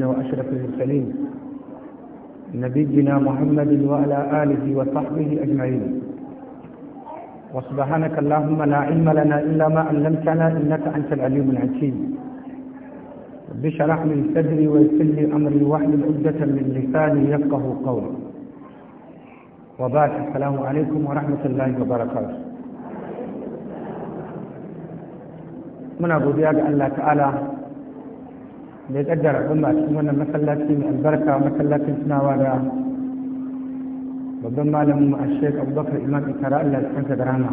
إنه أشرف المرسلين نبينا محمد وعلى آله وصحبه أجمعين وسبحانك اللهم لا علم لنا إلا ما علمتنا إنك أنت العليم الحكيم رب اشرح لي صدري ويسر لي أمري واحلل عقدة من لساني يفقه قولي وبعد السلام عليكم ورحمة الله وبركاته من أبو ga Allah تعالى da ya kaddara ɗin cikin wannan masallaci mai albarka masallacin tunawa da babban malamin a shek abubakar imam ikara allah ya da rana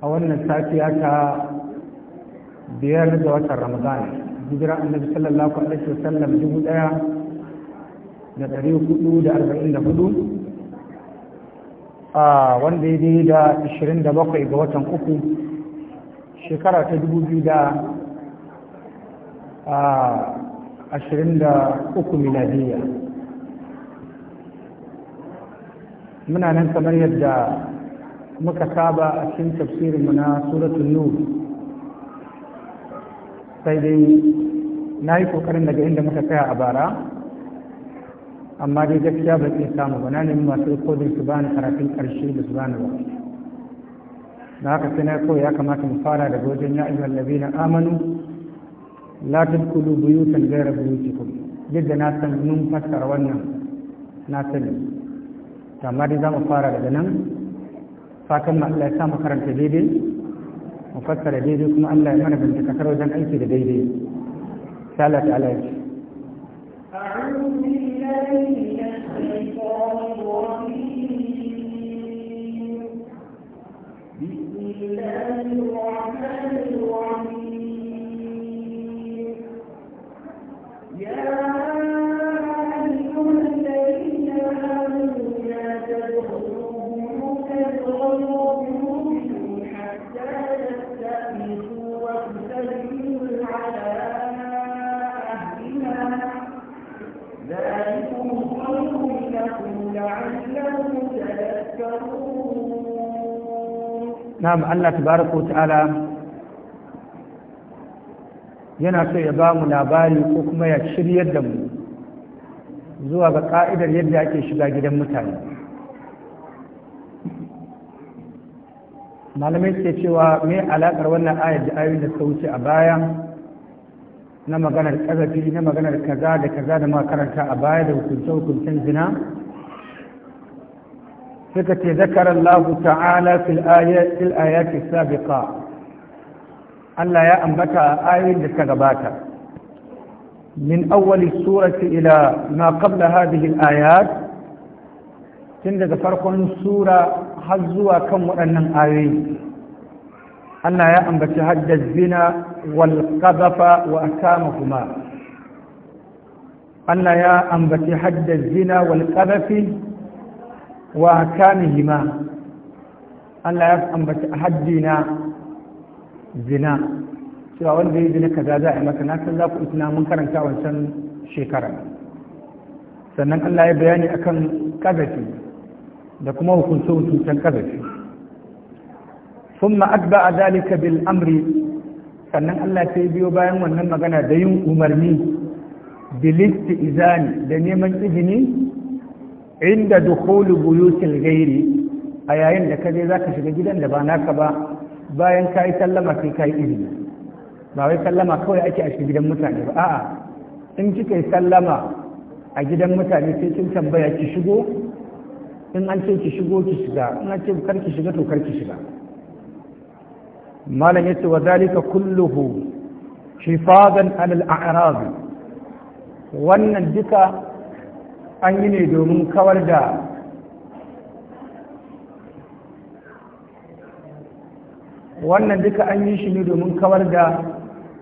a wannan safiya ta biyar da watan ramadan hijira annabi sallallahu alaihi wasallam dubu ɗaya da ɗari hudu da arba'in da hudu a wanda ya da ashirin da bakwai ga watan uku shekara ta dubu biyu da a uku miladiya muna nan kamar yadda muka saba a cikin tafsirinmu na suratun nur sai dai na yi kokarin daga inda muka tsaya a bara amma dai gaskiya ba ke samu ba na nemi masu rikodin su bani karatun karshe da su bani ba na haka sai na koya ya kamata mu fara daga wajen ya ayyuhal na amanu la tadkhulu buyutan ghayra buyutikum duk da na san mun fassara wannan na sani amma za mu fara daga nan fatan ma Allah ya sa mu karanta daidai mu fassara daidai kuma Allah ya mana bincika kar wajen aiki da daidai sai Allah ta'ala ya ce na'am Allah tabaraka ta'ala yana so ya ba mu labari ko kuma ya shiryar da mu zuwa ga ka'idar yadda ake shiga gidan mutane malamai ke cewa mai alakar wannan ayar da ayoyin da wuce a baya na maganar ƙazafi na maganar kaza da kaza da makaranta a baya da hukunce hukuncen zina suka ce zakar Allah ta'ala fil ayati sabiqa Allah ya ambata ayoyin da suka gabata min awwali surati ila ma qabla hadhihi al-ayat tun daga farkon sura har zuwa kan waɗannan ayoyi Allah ya ambaci haddaz zina wal qadhafa wa akamahuma Allah ya ambaci hadda zina wal qadhafi wa hima Allah ya ambaci haddi na zina cewa wanda ya zina kaza za a yi masa na san za ku isna mun karanta wancan shekara sannan Allah ya bayani akan kazafi da kuma hukunce hukuncen kazafi ثم أتبع ذلك بالأمر sannan Allah sai biyo bayan wannan magana da yin umarni bilisti izani da neman izini inda dukhulu buyutil ghairi a yayin da za zaka shiga gidan da ba naka ba bayan yi sallama sai yi izini ba wai sallama kawai ake a gidan mutane ba a'a in kika yi sallama a gidan mutane sai kin tambaya ki shigo in an ce ki shigo ki shiga in an ce kar ki shiga to kar ki shiga malam yace wa zalika kulluhu hifadan alal a'rab wannan duka an yi ne domin kawar da wannan duka an yi shi ne domin kawar da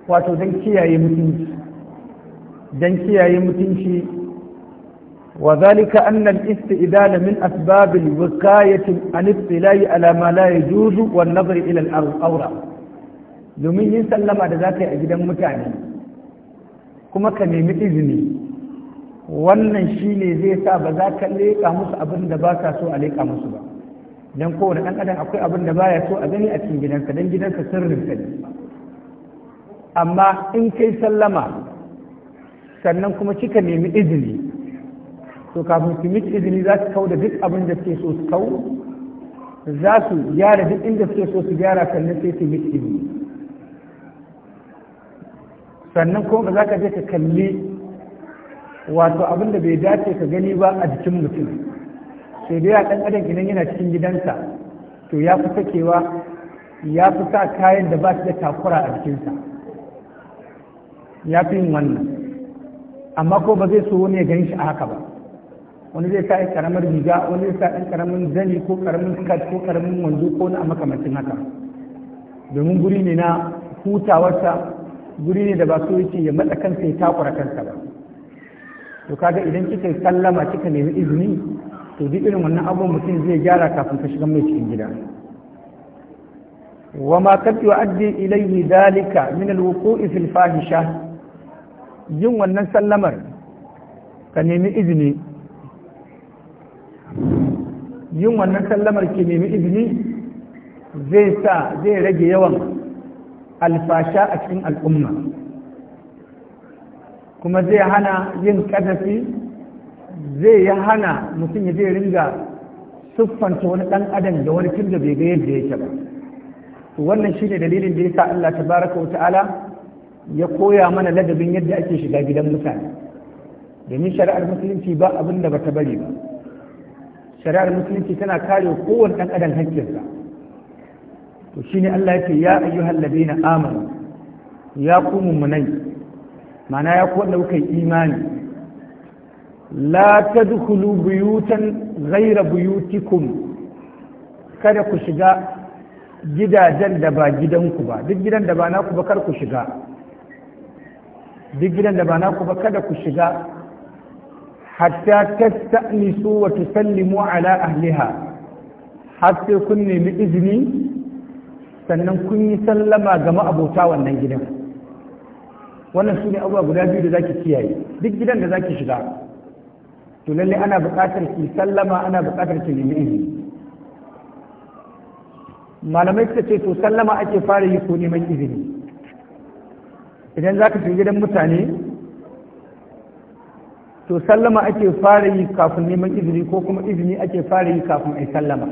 wato don kiyaye mutunci don kiyaye mutunci wa zalika annal istidal min asbabil wiqayati an ibtilai ala ma la yajuzu wan nazar ila al awra domin yin sallama da zaka yi a gidan mutane kuma ka nemi izini wannan shi ne zai sa ba za ka leƙa musu abin da ba ka so a leƙa musu ba don kowane ɗan adam akwai abin da baya so a gani a cikin gidansa don gidansa sirrin ne amma in kai sallama sannan kuma kika nemi izini to kafin su miki izini za su kau da duk abin da suke so su kau za su gyara duk inda suke so su gyara sannan sai su miki izini sannan kuma ba za ka je ka kalli wato abin da bai dace ka gani ba a jikin mutum sai dai a ɗan adam idan yana cikin gidansa to ya fi sakewa ya fi sa kayan da ba su da takura a jikinsa ya fi yin wannan amma ko ba zai so wani ya gani shi a haka ba wani zai sa yi karamar riga wani zai sa ɗan karamin zani ko karamin skirt ko karamin wando ko na makamacin haka domin guri ne na hutawarsa guri ne da ba so yake ya matsa kansa ya takura kansa ba to kaga idan kika sallama kika nemi izini to duk irin wannan abubuwan mutum zai gyara kafin ka shiga mai cikin gida wa ma kad yu'addi ilayhi dalika min al-wuqu'i fil fahisha yin wannan sallamar ka nemi izini yin wannan sallamar ki nemi izini zai sa zai rage yawan alfasha a cikin al'umma kuma zai hana yin kadafi zai ya hana mutum ya zai ringa siffanta wani ɗan adam da wani tun da bai ga yadda yake ba to wannan shi ne dalilin da ya sa Allah tabaraka wa ta'ala ya koya mana ladabin yadda ake shiga gidan mutane domin shari'ar musulunci ba abin da bata bari ba shari'ar musulunci tana kare kowane ɗan adam hakkinsa to shine Allah ya ce ya ayyuhal ladina amanu ya ku mummunai mana ya kuwa yi imani la ta dukulu buyutan zaira buyutikum kada ku shiga gidajen da ba gidanku ba duk gidan da ba naku ba kar ku shiga duk gidan da ba naku ba kada ku shiga hatta tasta'nisu wa tusallimu ala ahliha har sai kun nemi izini sannan kun yi sallama ga ma'abota wannan gidan wannan su ne abubuwa guda biyu da zaki kiyaye duk gidan da zaki shiga to lalle ana buƙatar ki sallama ana buƙatar ki nemi izini malamai suka ce to sallama ake fara yi ko neman izini idan za ka shiga gidan mutane to sallama ake fara yi kafin neman izini ko kuma izini ake fara yi kafin a sallama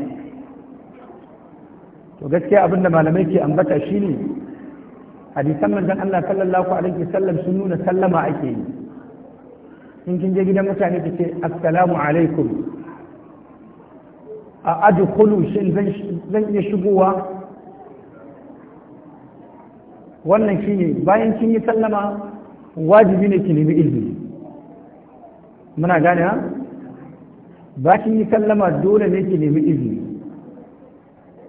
to gaskiya abinda malamai ke ambata shine hadisan manzon Allah sallallahu alaihi wasallam sun nuna sallama ake yi in kin je gidan mutane ki ce assalamu alaikum a adkhulu shin zan iya shigowa wannan shine bayan kin yi sallama wajibi ne ki nemi ilimi muna gane ha ba kin yi sallama dole ne ki nemi izini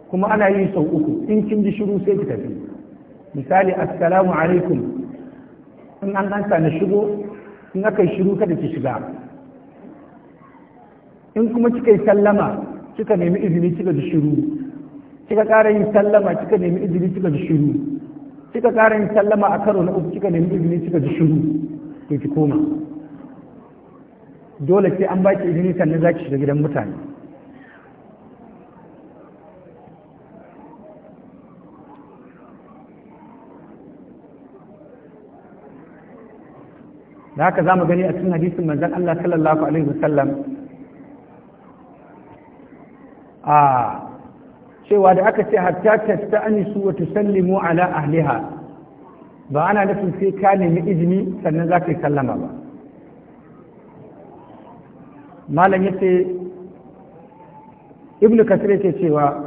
kuma ana yin sau uku in kin ji shiru sai ki tafi misali assalamu alaikum in an ansa na shigo in aka yi shiru kada ki shiga in kuma kika yi sallama kika nemi izini kika ji shiru kika ƙara yin sallama kika nemi izini kika ji shiru kika ƙara yin sallama a karo na uku kika nemi izini kika ji shiru to ki koma dole sai an baki izini sannan za ki shiga gidan mutane da haka za mu gani a cikin hadisin manzan Allah sallallahu alaihi wasallam a cewa da aka ce hatta anisu wa tusallimu ala ahliha ba ana nufin sai ka nemi izini sannan za ka yi sallama ba malam yace ibnu kasir yake cewa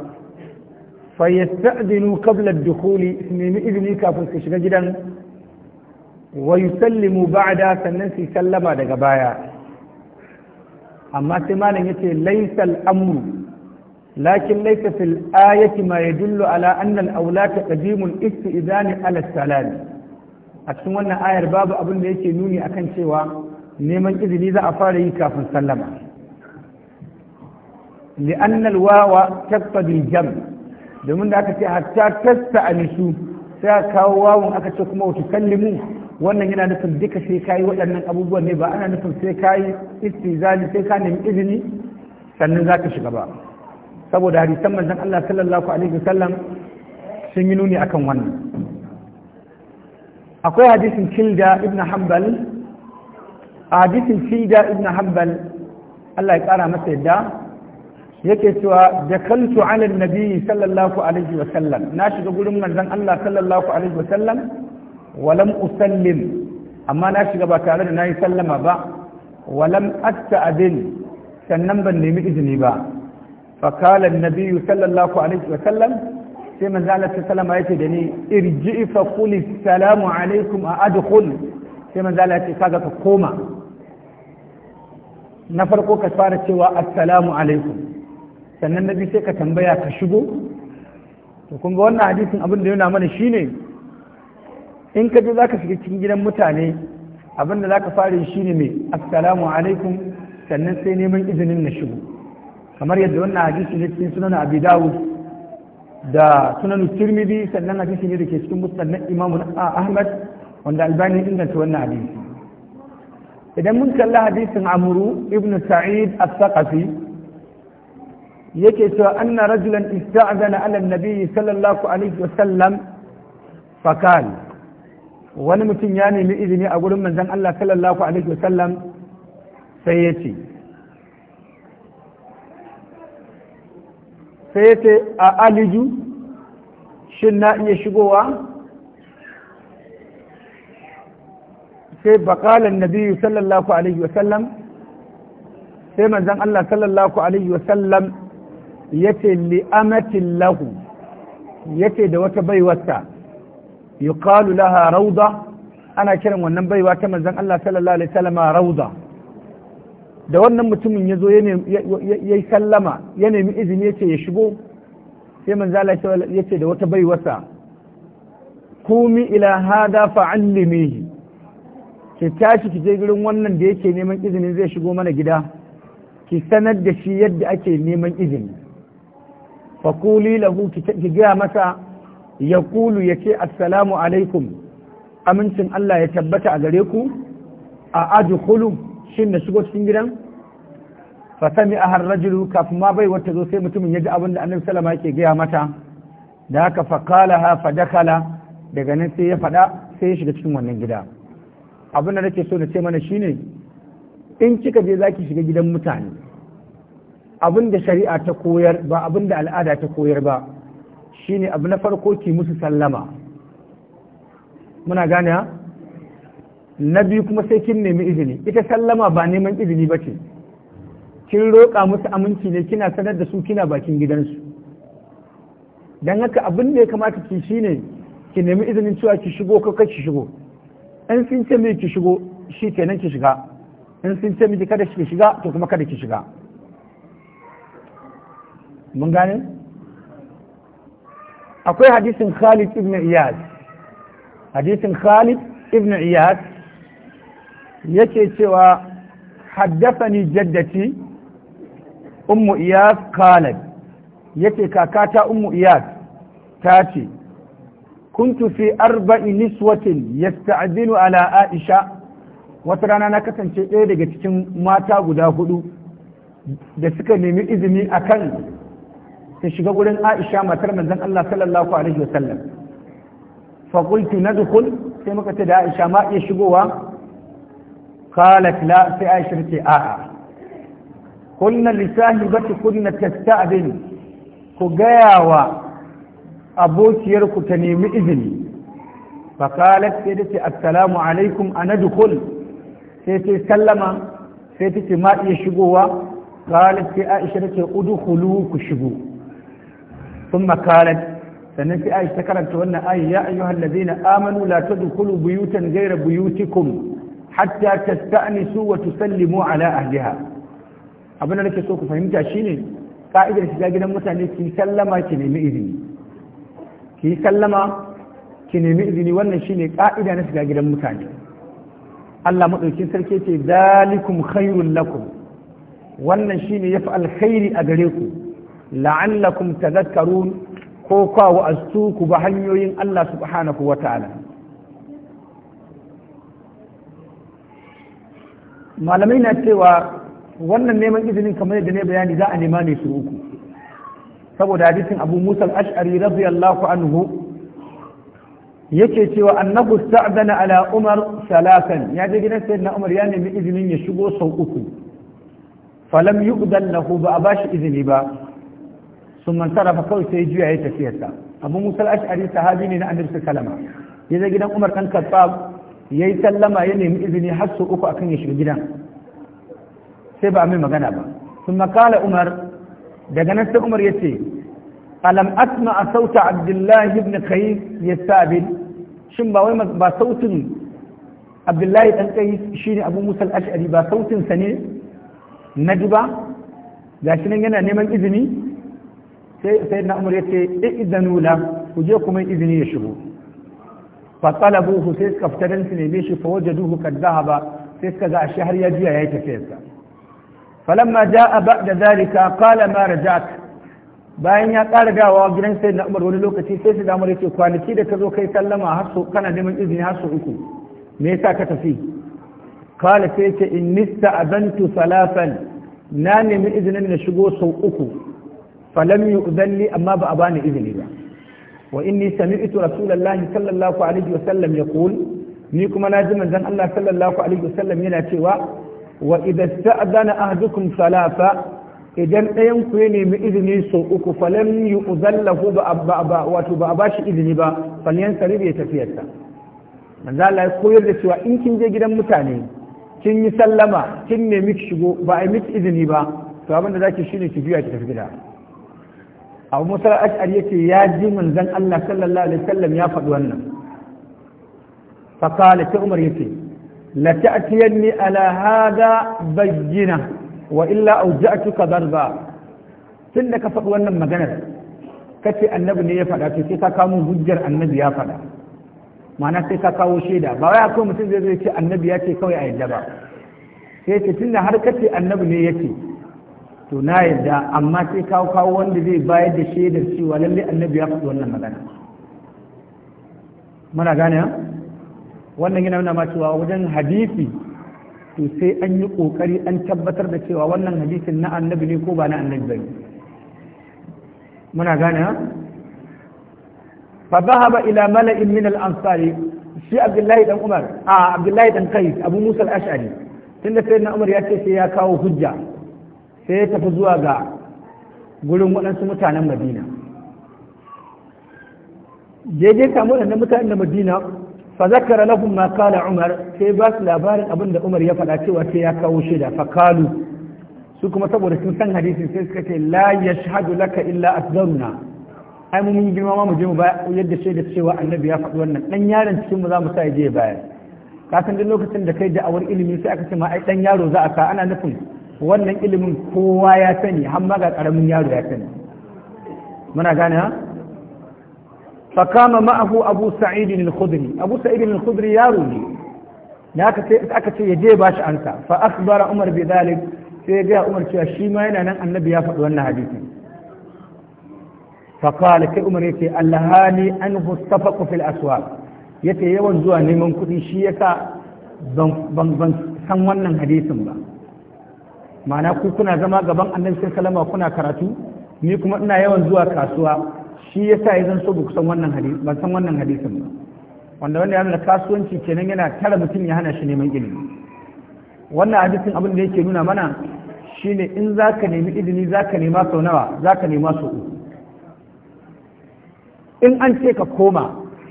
fa yasta'dinu qabla ad su nemi izini kafin su shiga gidan wa yusallimu ba'da sannan su sallama daga baya amma sai malam yace laysa al-amru lakin laysa fil ayati ma yadullu ala anna al-awlata qadimul istizani ala salam a cikin wannan ayar babu abin da yake nuni akan cewa neman izini za a fara yi kafin sallama لأن الواو تقتضي الجمع domin da aka ce hatta tasta anisu sai kawo wawan aka ce kuma wata wannan yana nufin duka sai kayi waɗannan abubuwan ne ba ana nufin sai kayi istizali sai ka nemi izini sannan za ka shiga ba saboda hadisan manzon Allah sallallahu alaihi wasallam sun yi nuni akan wannan akwai hadisin Kilda ibn Hanbal hadisin Kilda ibn Hanbal Allah ya kara masa yadda yake cewa da ala nabi sallallahu alaihi wasallam na shiga gurin manzon Allah sallallahu alaihi wasallam walam usallim amma na shiga ba tare da na yi sallama ba walam asta'adin sannan ban nemi izini ba fakalan nabiyu sallallahu alaihi wa sallam sai manzo Allah sallama yake da ni irji'i fa qul alaikum a adkhul sai manzo Allah yake kaga ka koma na farko ka fara cewa assalamu alaikum sannan biyu sai ka tambaya ka shigo to ga wannan hadisin abin yana mana shine in ka je za ka shiga cikin gidan mutane abinda za ka fara shi ne mai assalamu alaikum sannan sai neman izinin na shigo kamar yadda wannan hadisi ne cikin sunan abi dawud da sunan tirmidhi sannan hadisi ne da ke cikin musnad imamu ahmad wanda albani inganta wannan hadisi idan mun kalla hadisin amuru ibn sa'id as-saqafi yake cewa anna rajulan ista'zana ala an-nabi sallallahu alaihi wa sallam fakala wani mutum ya nemi izini a gurin manzon Allah sallallahu alaihi wasallam sai ya ce sai ya ce a aliju shin na iya shigowa sai bakalan nabiyu sallallahu alaihi wasallam sai manzon Allah sallallahu alaihi wasallam ya ce li'amatin lahu ya ce da wata baiwarsa yuqalu laha rauda ana kiran wannan baiwa ta manzon Allah sallallahu alaihi wasallam rauda da wannan mutumin ya zo ya sallama ya nemi izini ya ya shigo sai manzala ya ce da wata baiwarsa kumi ila hada fa'allimihi ki tashi ki je gurin wannan da yake neman izini zai shigo mana gida ki sanar da shi yadda ake neman izini fa kuli lahu ki gaya masa ya kulu ya ce assalamu alaikum amincin Allah ya tabbata a gare ku a kulu shi na shigo cikin gidan fa a ar jiru kafin ma bai wata zo sai mutumin ya ji abin da Annabi salama yake gaya mata da haka fakala ha fa daga nan sai ya faɗa sai ya shiga cikin wannan gida abin da nake so na ce mana shine in kika je zaki shiga gidan mutane abin da shari'a ta koyar ba abin da al'ada ta koyar ba ne abu na farko ki musu sallama muna gane na biyu kuma sai kin nemi izini ita sallama ba neman izini ba ce kin roƙa musu aminci ne kina sanar da su kina bakin gidansu don haka abin da ya kamata ki shi ne ki nemi izinin cewa ki shigo ko ki shigo in sun ce mai ki shigo shi kenan ki shiga in sun ce miki kada ki shiga to kuma kada ki shiga mun gane akwai hadisin Khalid ibn Iyad hadisin Khalid ibn Iyad yake cewa haddathani jaddati ummu Iyad qalat yake kakata ummu Iyad ta ce kuntu fi arba'i niswatin yasta'dinu ala Aisha wata rana na kasance ɗaya daga cikin mata guda hudu da suka nemi izini akan sai shiga gurin Aisha matar manzon Allah sallallahu alaihi wasallam fa qultu nadkhul sai muka ce da Aisha ma iya shigowa qalat la sai Aisha ce a'a kunna lisahibati kunna tasta'din ku gayawa abokiyar ku ta nemi izini fa qalat sai dace assalamu alaikum anadkhul sai sai sallama sai ce ma iya shigowa qalat sai Aisha ce udkhulu ku shigo ثم قالت sannan sai aisha ta karanta wannan ayi ya ayyuhal ladina amanu la tadkhulu buyutan ghayra buyutikum hatta tasta'nisu wa tusallimu ala ahliha abin da nake so ku fahimta shine ka'idar shiga gidan mutane ki sallama ki nemi izini ki sallama ki nemi izini wannan shine ka'ida na shiga gidan mutane Allah madaukin sarki ce zalikum khairul lakum wannan shine yafi alkhairi a gare ku la'allakum tadhakkarun ko kwa wa'astu ku ba hanyoyin Allah subhanahu wa ta'ala malamai na cewa wannan neman izinin kamar yadda ne bayani za a nema ne su uku saboda hadisin abu musa al-ash'ari radiyallahu anhu yake cewa annahu sta'dana ala umar salasan ya je gidan na umar ya nemi izinin ya shigo sau uku falam yu'dan lahu ba a bashi izini ba sun man fa kawai sai juya ya tafiyarsa abu musa al'ashari sahabi ne na annabi kalama ya zai gidan umar dan khattab ya yi sallama ya nemi izini har sau uku akan ya shiga gidan sai ba a mai magana ba sun makala umar daga nan sai umar ya ce alam asma a sauta abdullahi ibn kai ya sabil shin ba wai ba sautin abdullahi dan kai shine abu musa al'ashari ba sautin sa ne na ji ba gashi nan yana neman izini sai sai na umar yace idanu la ku je kuma izini ya shigo fa buhu sai suka fita don su neme shi fa wajaduhu ka dhahaba sai suka ga shi har ya jiya yayi tafiyarsa falamma jaa ba'da zalika qala ma raja'at bayan ya ƙara gawa gidan sai na umar wani lokaci sai su damar yake kwanaki da ka zo kai sallama har so kana neman izini har so uku me yasa ka tafi kala sai ce in nista azantu salafan na nemi izinin na shigo sau uku falam yu'zalli amma ba a bani izini ba wa inni sami'tu rasulullahi sallallahu alaihi wasallam yaqul ni kuma na ji manzon Allah sallallahu alaihi wasallam yana cewa wa idza sta'dana ahadukum salafa idan ɗayan ku ya nemi izini so uku falam yu'zallahu ba ba wato ba a bashi izini ba falyan sarib ya tafiyarsa manzo Allah ya koyar da cewa in kin je gidan mutane kin yi sallama kin nemi ki shigo ba a yi miki izini ba to abin da zaki shine ki juya ki tafi gida abu musa al'ashari ya ce ya ji manzan allah sallallahu alaihi wasallam ya faɗi wannan fakala ta umar ya ce la ta'tiyanni ala hada bayyina wa illa auja'tuka darba tun da ka faɗi wannan maganar kace annabi ne ya faɗa to sai ka kawo hujjar annabi ya faɗa ma'ana sai ka kawo shaida ba wai akwai mutum zai zai ce annabi ya ce kawai a yadda ba sai ce tun da har kace annabi ne ya ce to na yadda amma sai kawo kawo wanda zai bayar da shaidar cewa lalle annabi ya faɗi wannan magana muna gane ha wannan yana nuna ma cewa wajen hadisi to sai an yi kokari an tabbatar da cewa wannan hadisin na annabi ne ko ba na annabi bane muna gane ha fa dhahaba ila mala'in min al-ansari shi abdullahi dan umar a abdullahi dan qais abu musa al-ash'ari tunda sayyidina umar ya ce sai ya kawo hujja sai ya tafi zuwa ga gurin waɗansu mutanen madina daidai kamar waɗannan mutanen madina fa zakara lahum ma kala umar sai ba su labarin abin da umar ya faɗa cewa sai ya kawo shaida fa kalu su kuma saboda sun san hadisin sai suka ce la yashhadu laka illa asdaruna ai mun girma ma mu je mu ba yadda shaida cewa annabi ya faɗi wannan dan yaron cikin mu za mu sa ya je baya ka duk lokacin da kai da da'awar ilimi sai aka ce ma ai dan yaro za a ka ana nufin wannan ilimin kowa ya sani hamma ga karamin yaro ya sani muna gane ha fakama ma'ahu abu sa'id al-khudri abu sa'id al-khudri yaro ne da aka ce aka ce yaje ba shi ansa fa akhbara umar bi dhalik sai ga umar cewa shi ma yana nan annabi ya faɗi wannan hadisi fa kai umar yace allahani an tafaqu fil aswaq yace yawan zuwa neman kuɗi shi yasa ban ban san wannan hadisin ba ma'ana ku kuna zama gaban annabi sai salama kuna karatu ni kuma ina yawan zuwa kasuwa shi yasa ya zan so ba kusan wannan hadisi ban san wannan hadisin ba wanda wanda ya nuna kasuwanci kenan yana tara mutum ya hana shi neman ilimi wannan hadisin abin da yake nuna mana shine in za ka nemi izini za ka nema sau nawa za ka nema sau uku in an ce ka koma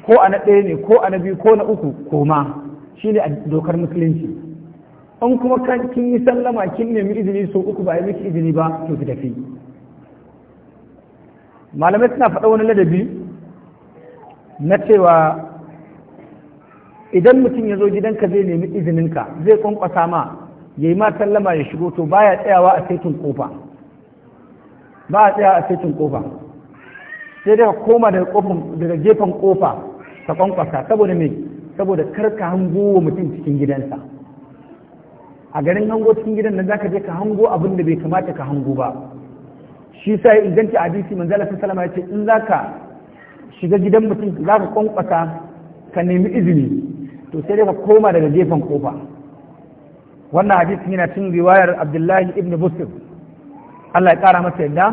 ko a na ɗaya ne ko a na biyu ko na uku koma shine a dokar musulunci an kuma kan kin yi sallama kin nemi izini so uku ba yi miki izini ba to ki tafi malamai suna faɗa wani ladabi na cewa idan mutum ya zo gidanka zai nemi izininka zai kwankwasa ma ya yi ma sallama ya shigo to baya tsayawa a saitin kofa ba a tsayawa a saitin kofa sai daga koma daga gefen kofa ta kwankwasa saboda me saboda karka hango mutum cikin gidansa a garin hango cikin gidan nan zaka je ka hango abin da bai kamata ka hango ba shi sa ya inganta hadisi manzo Allah sallallahu alaihi wasallam in zaka shiga gidan mutum zaka kwankwasa ka nemi izini to sai ka koma daga gefen kofa wannan hadisin yana cin riwayar Abdullahi ibn Busir Allah ya kara masa yadda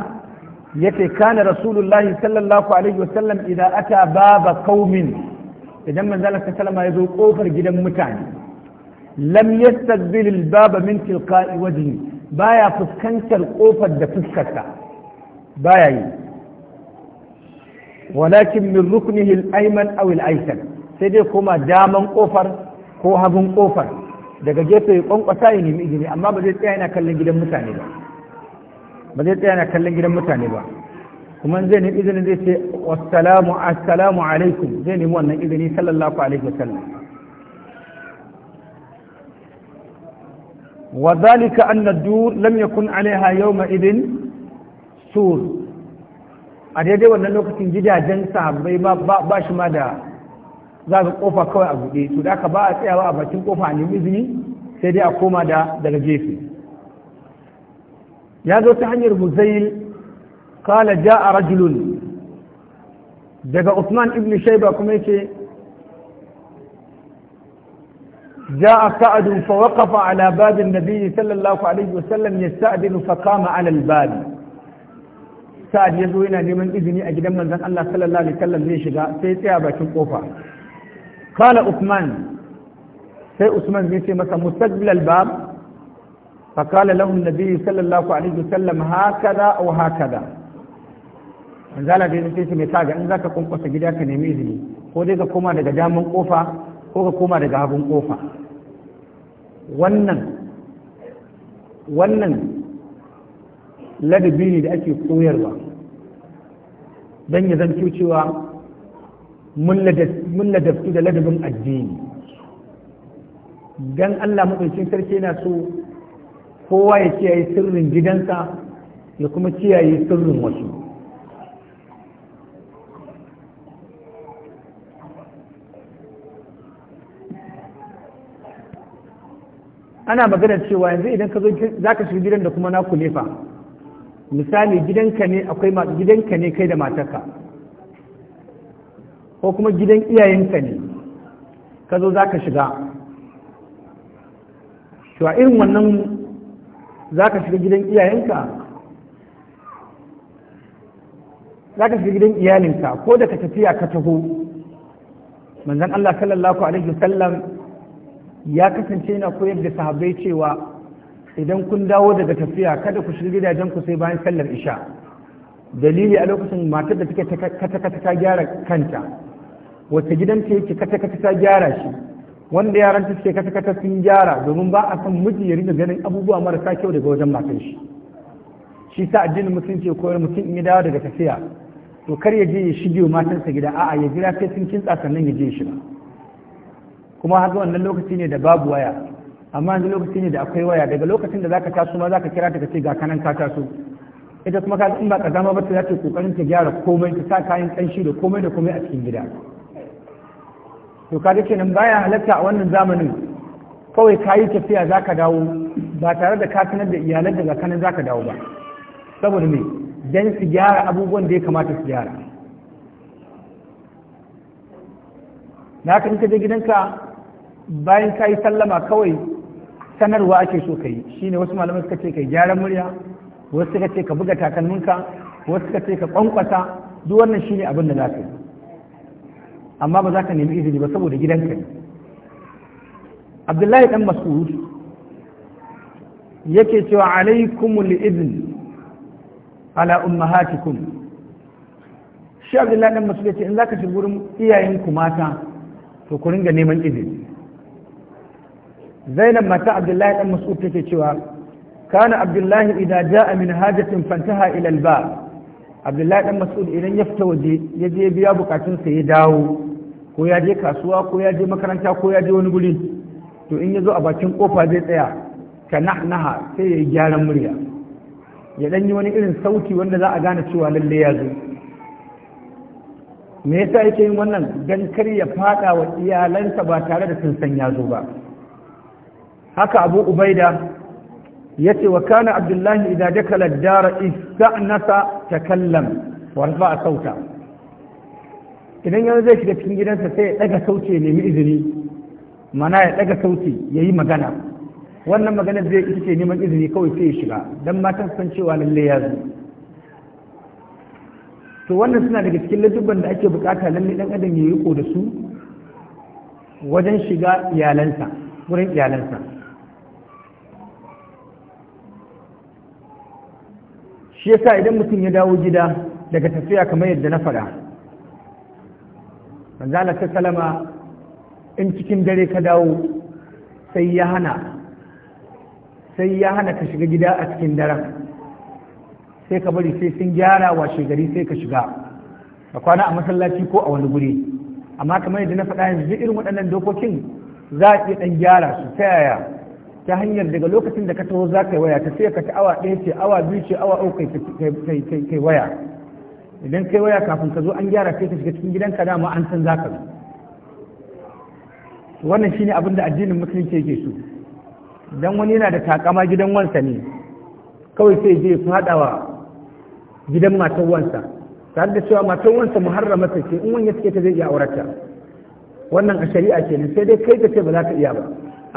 yace kana rasulullahi sallallahu alaihi wasallam idan ata baba qaumin idan manzo Allah sallallahu alaihi wasallam ya zo kofar gidan mutane lam yastaqbil al-baba min tilqa'i wajhi baya fuskantar kofar da fuskarsa baya yi walakin min ruknihi al-ayman aw al-aysar sai dai kuma daman kofar ko hagun kofar daga gefe ya kwankwasa ya nemi izini amma ba zai tsaya yana kallon gidan mutane ba ba zai tsaya yana kallon gidan mutane ba kuma zai nemi izini zai ce assalamu assalamu alaikum zai nemi wannan izini sallallahu alaihi wasallam وذلك أن الدور لم yau عليها يومئذ سور a daidai wannan lokacin gidajen sahabbai ba shi ma da za ka kofa kawai a buɗe to daka ba a tsayawa a bakin kofa a nemi izini sai dai a koma da daga gefe ya zo ta hanyar muzail kala ja a rajulun daga usman ibn shaiba kuma yake جاء سعد فوقف على باب النبي صلى الله عليه وسلم يستأذن فقام على الباب sa'ad ya zo yana neman izini a gidan manzon Allah sallallahu alaihi wasallam zai shiga sai ya tsaya bakin kofa kala Uthman sai Uthman zai ce masa mustaqbil al-bab fa kala lahu an-nabi sallallahu alaihi wasallam hakada aw hakada manzala dai sai ce me kaga in zaka kunkusa gida ka nemi izini ko dai ka koma daga damar kofa ko ka koma daga hagun kofa wannan wannan ladabi ne da ake koyarwa don ya zanto cewa mun ladabtu da ladabin addini don allah maɗaukin sarki yana so kowa ya kiyaye sirrin gidansa ya kuma kiyaye sirrin wasu ana magana cewa yanzu idan ka zo za ka shiga gidan da kuma na kulefa misali gidanka ne akwai gidanka ne kai da matarka ko kuma gidan iyayenka ne ka zo za ka shiga cewa irin wannan za ka shiga gidan iyayenka za ka shiga gidan iyalinka ko da ka tafiya ka taho manzan Allah sallallahu alaihi wasallam ya kasance yana koyar da sahabbai cewa idan kun dawo daga tafiya kada ku shiga gidajen ku sai bayan sallar isha dalili a lokacin matar da take kata kata ta gyara kanta wacce gidanta yake kata kata ta gyara shi wanda yaran ta suke kata kata sun gyara domin ba a san miji ya riga ganin abubuwa marasa kyau daga wajen matar shi shi sa addinin musulunci koyar mutum in ya dawo daga tafiya to kar ya je ya shige matarsa gida a'a ya jira sai sun kintsa sannan ya je shiga kuma haka wannan lokaci ne da babu waya amma yanzu lokaci ne da akwai waya daga lokacin da zaka taso ma zaka kira ta ka ce ga kanan ka taso ita kuma ka in ba zama ba ta za kokarin ta gyara komai ta sa kayan kanshi da komai da komai a cikin gida to ka kenan baya halatta a wannan zamanin kawai ka yi tafiya za ka dawo ba tare da ka sanar da iyalan daga kanan za ka dawo ba saboda me dan su gyara abubuwan da ya kamata su gyara na ka ka je gidanka bayan ka yi sallama kawai sanarwa ake so ka yi shine wasu malamai suka ce ka yi gyaran murya wasu suka ce ka buga takalminka wasu suka ce ka kwankwasa duk wannan shine abin da za ka yi amma ba za ka nemi izini ba saboda gidanka ne abdullahi dan mas'ud yake cewa al izn ala ummahatikum shi abdullahi dan masu yace in zaka shi gurin iyayenku mata to ku ringa neman izini zainab mata abdullahi dan mas'ud take cewa kana abdullahi idan ja'a min hajatin fantaha ila al-ba abdullahi dan mas'ud idan ya fita waje ya je biya bukatun sa ya dawo ko ya je kasuwa ko ya je makaranta ko ya je wani guri to in ya zo a bakin kofa zai tsaya ka naha sai ya yi gyaran murya ya danyi wani irin sauti wanda za a gane cewa lalle ya zo me yasa yake yin wannan dan kar ya fada wa iyalansa ba tare da sun san ya zo ba haka abu ubaida ya ce wa kana abdullahi idan dakala isa ta takallam wa a sauta idan yanzu zai shiga cikin gidansa sai ya daga sauti ya nemi izini mana ya daga sauti ya yi magana wannan magana zai ita ce neman izini kawai sai ya shiga don matan san cewa lalle ya zo to wannan suna daga cikin ladubban da ake bukata lalle dan adam ya yi ko da su wajen shiga iyalansa wurin iyalansa shi yasa idan mutum ya dawo gida daga tafiya kamar yadda na faɗa manzala ta salama in cikin dare ka dawo sai ya hana sai ya hana ka shiga gida a cikin daren sai ka bari sai sun gyara wa gari sai ka shiga ka kwana a masallaci ko a wani guri amma kamar yadda na faɗa yanzu irin waɗannan dokokin za a iya ɗan gyara su ta yaya ta hanyar daga lokacin da ka taho za ka yi waya ta sai ka ta awa ɗaya ce awa biyu ce awa uku kai waya idan kai waya kafin ka zo an gyara sai ka shiga cikin gidanka dama an san za ka zo wannan shine abin da addinin musulunci yake so Idan wani yana da takama gidan wansa ne kawai sai je wa gidan matan wansa tare da cewa matan wansa muharrama ta ce in wani suke ta zai iya aurata wannan a shari'a kenan sai dai kai ta ce ba za ka iya ba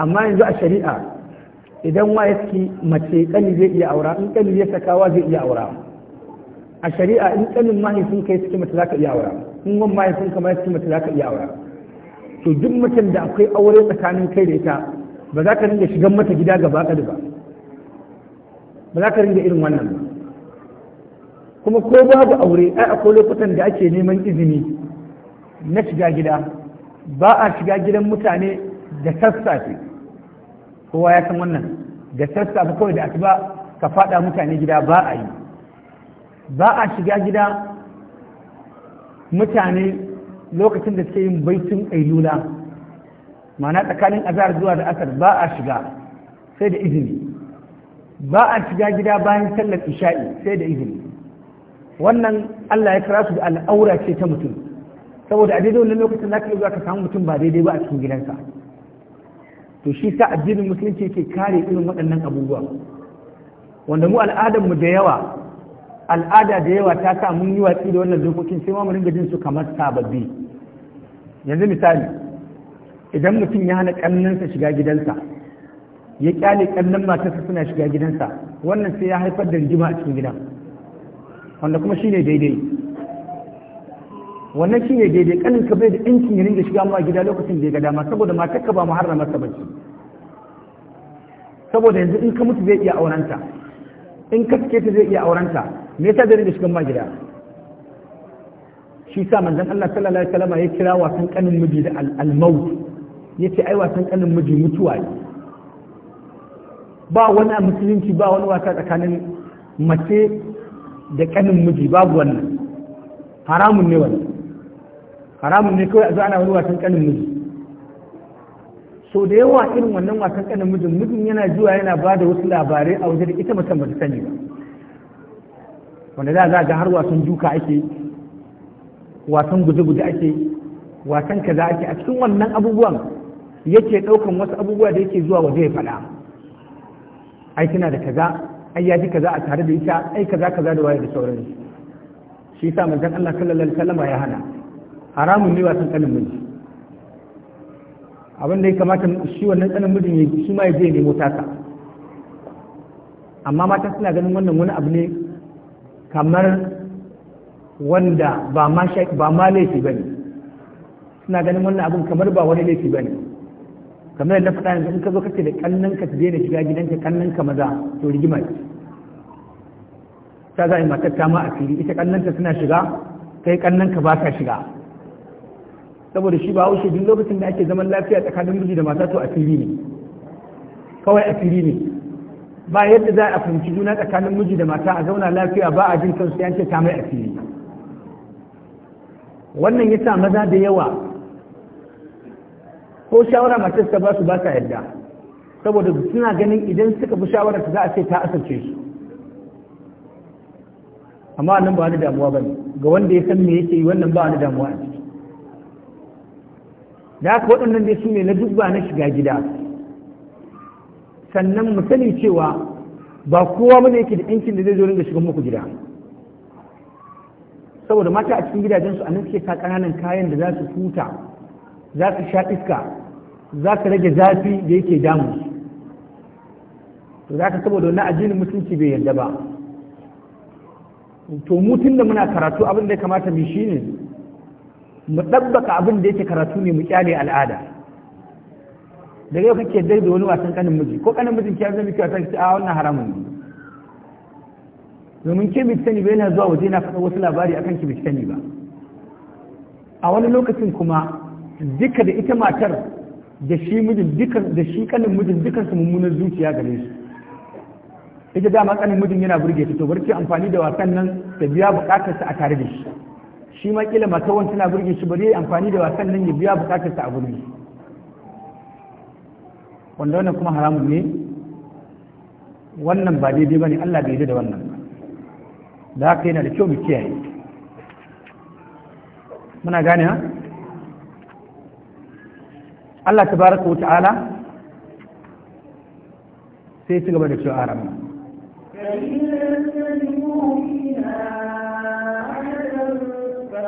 amma yanzu a shari'a idan wa yake mace kani zai iya aura in kani ya sakawa zai iya aura a shari'a in kani mahaifin kai suke mace zaka iya aura in wan mahaifin ka ma suke mace zaka iya aura to duk mutum da akwai aure tsakanin kai da ita ba za ka ringa shigan mata gida gaba ɗaya ba ba za ka ringa irin wannan ba kuma ko babu aure ai akwai lokutan da ake neman izini na shiga gida ba a shiga gidan mutane da sassafe kowa ya san wannan da sassafe kawai da asuba ka faɗa mutane gida ba a yi ba a shiga gida mutane lokacin da suke yin baitun ailula mana tsakanin azar zuwa da asar ba a shiga sai da izini ba a shiga gida bayan sallar isha'i sai da izini wannan Allah ya kira su da al'aura ce ta mutum saboda a daidai wannan lokacin za ka zuwa ka samu mutum ba daidai ba a cikin gidansa to shi ta addinin musulunci ke kare irin waɗannan abubuwa wanda mu al'adar mu da yawa al'ada da yawa ta sa mun yi watsi da wannan dokokin sai ma mu ringa jin su kamar sababbi yanzu misali idan mutum ya hana ƙannansa shiga gidansa ya kyale ƙannan matarsa suna shiga gidansa wannan sai ya haifar da rigima a cikin gidan wanda kuma shine daidai wannan shine daidai kanin ka bai da ɗinkin ya da shiga a gida lokacin da ya ga dama saboda matar ka ba mu harrama ta saboda yanzu in ka mutu zai iya aurenta in ka suke ta zai iya aurenta me yasa zai da shiga ma gida shi sa manzon Allah sallallahu alaihi wasallam ya kira wasan kanin miji da al-maut yace ai wasan kanin miji mutuwa ne ba wani a musulunci ba wani wasa tsakanin mace da kanin miji babu wannan haramun ne wannan haramun ne kawai a zo wani wasan kanin miji so da yawa irin wannan wasan kanin mijin mijin yana zuwa yana ba da wasu labarai a waje da ita mutum ba ta sani ba wanda za za ga har wasan duka ake wasan guje-guje ake wasan kaza ake a cikin wannan abubuwan yake ɗaukan wasu abubuwa da yake zuwa waje ya faɗa ai na da kaza ai ya ji kaza a tare da ita ai kaza kaza da waye da sauransu shi yasa manzon Allah sallallahu alaihi wasallam ya hana haramun ne wasan tsanin miji abin da ya kamata shi wannan tsanin mijin ya shi ma ya je nemo tata amma mata suna ganin wannan wani abu ne kamar wanda ba ma laifi ba ne, suna ganin wannan abun kamar ba wani laifi ba ne. kamar yadda faɗa yanzu in ka zo kace da kannan ka je da shiga gidanka kannan ka maza to rigima ce ta za a yi matar ta ma fili ita kannan ta suna shiga kai kannan ka ba ka shiga saboda shi ba haushe duk lokacin da ake zaman lafiya tsakanin miji da mata to a fili ne kawai a fili ne ba yadda za a fahimci juna tsakanin miji da mata a zauna lafiya ba a jin kansu ta mai a fili wannan ya sa maza da yawa ko shawara matarsa ba su ba sa yadda saboda suna ganin idan suka fi shawarar za a ce ta asarce su amma nan ba wani damuwa ba ne ga wanda ya san me yake yi wannan ba wani damuwa a ciki da haka waɗannan dai su ne na duk ba na shiga gida sannan mu sani cewa ba kowa ne yake da yankin da zai zo da shiga muku gida saboda mata a cikin gidajensu a nan suke sa ƙananan kayan da za su huta za su sha iska za su rage zafi da yake damu to za ka saboda wani ajiyar mutunci bai yarda ba to mutun da muna karatu abin da ya kamata mu ne. mu ɗabbaka abin da yake karatu ne mu kyale al'ada da yau kake dai da wani wasan kanin miji ko kanin mijin ki zama ki wasan ki a ah, wannan haramun ne domin ke bi sani ba yana zuwa waje na faɗa wasu labari akan ki bi sani ba a wani lokacin kuma duka da ita matar da shi mijin da shi kanin mijin dukan su mummunan zuciya gare su ita dama kanin mijin yana burge ta to barci amfani da wasan nan da biya bukatar sa a tare da shi shi ma kila matawan tana burge shi bari amfani da wasan nan ya biya bukatar sa a burge wanda wannan kuma haramun ne wannan ba daidai bane Allah bai da wannan da haka yana da kyau mu kiyaye muna gane ha Allah tabaraka wa ta'ala sai ci gaba da cewa haramun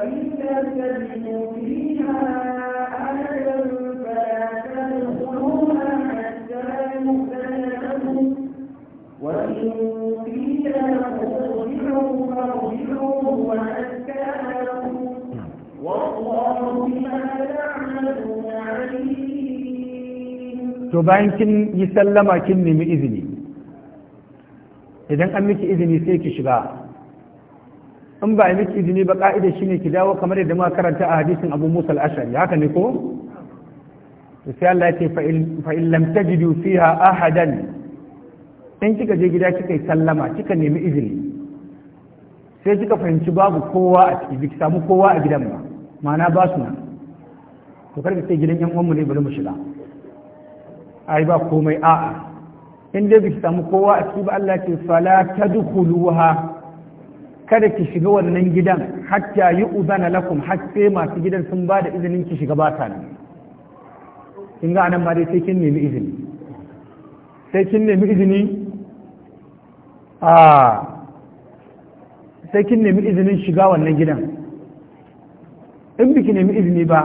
وإذا تجدوا فيها أحدا فلا تدخلوها حتى يؤذن لكم وإن قيل لهم ارجعوا فارجعوا وأزكى لكم والله بما تعملون عليم. To bayan kin yi sallama kin nemi izini, idan an miki izini sai ki shiga in ba miki izini ba ka'ida shine ki dawo kamar yadda muka karanta a hadisin Abu Musa al-Ash'ari haka ne ko to sai Allah ya ce fa in lam tajidu fiha ahadan in kika je gida kika yi sallama kika nemi izini sai kika fahimci babu kowa a ciki biki samu kowa a gidan ba ma'ana ba su nan to karka sai gidan yan uwanmu ne bari mu shiga ai ba komai a'a in dai biki samu kowa a ciki ba Allah ya ce fala tadkhuluha kada ki shiga wannan gidan hatta yi uzana lakum har sai masu gidan sun ba da izinin ki shiga ta ne kin ga anan ma dai sai kin nemi izini sai kin nemi izini a sai kin nemi izinin shiga wannan gidan in biki nemi izini ba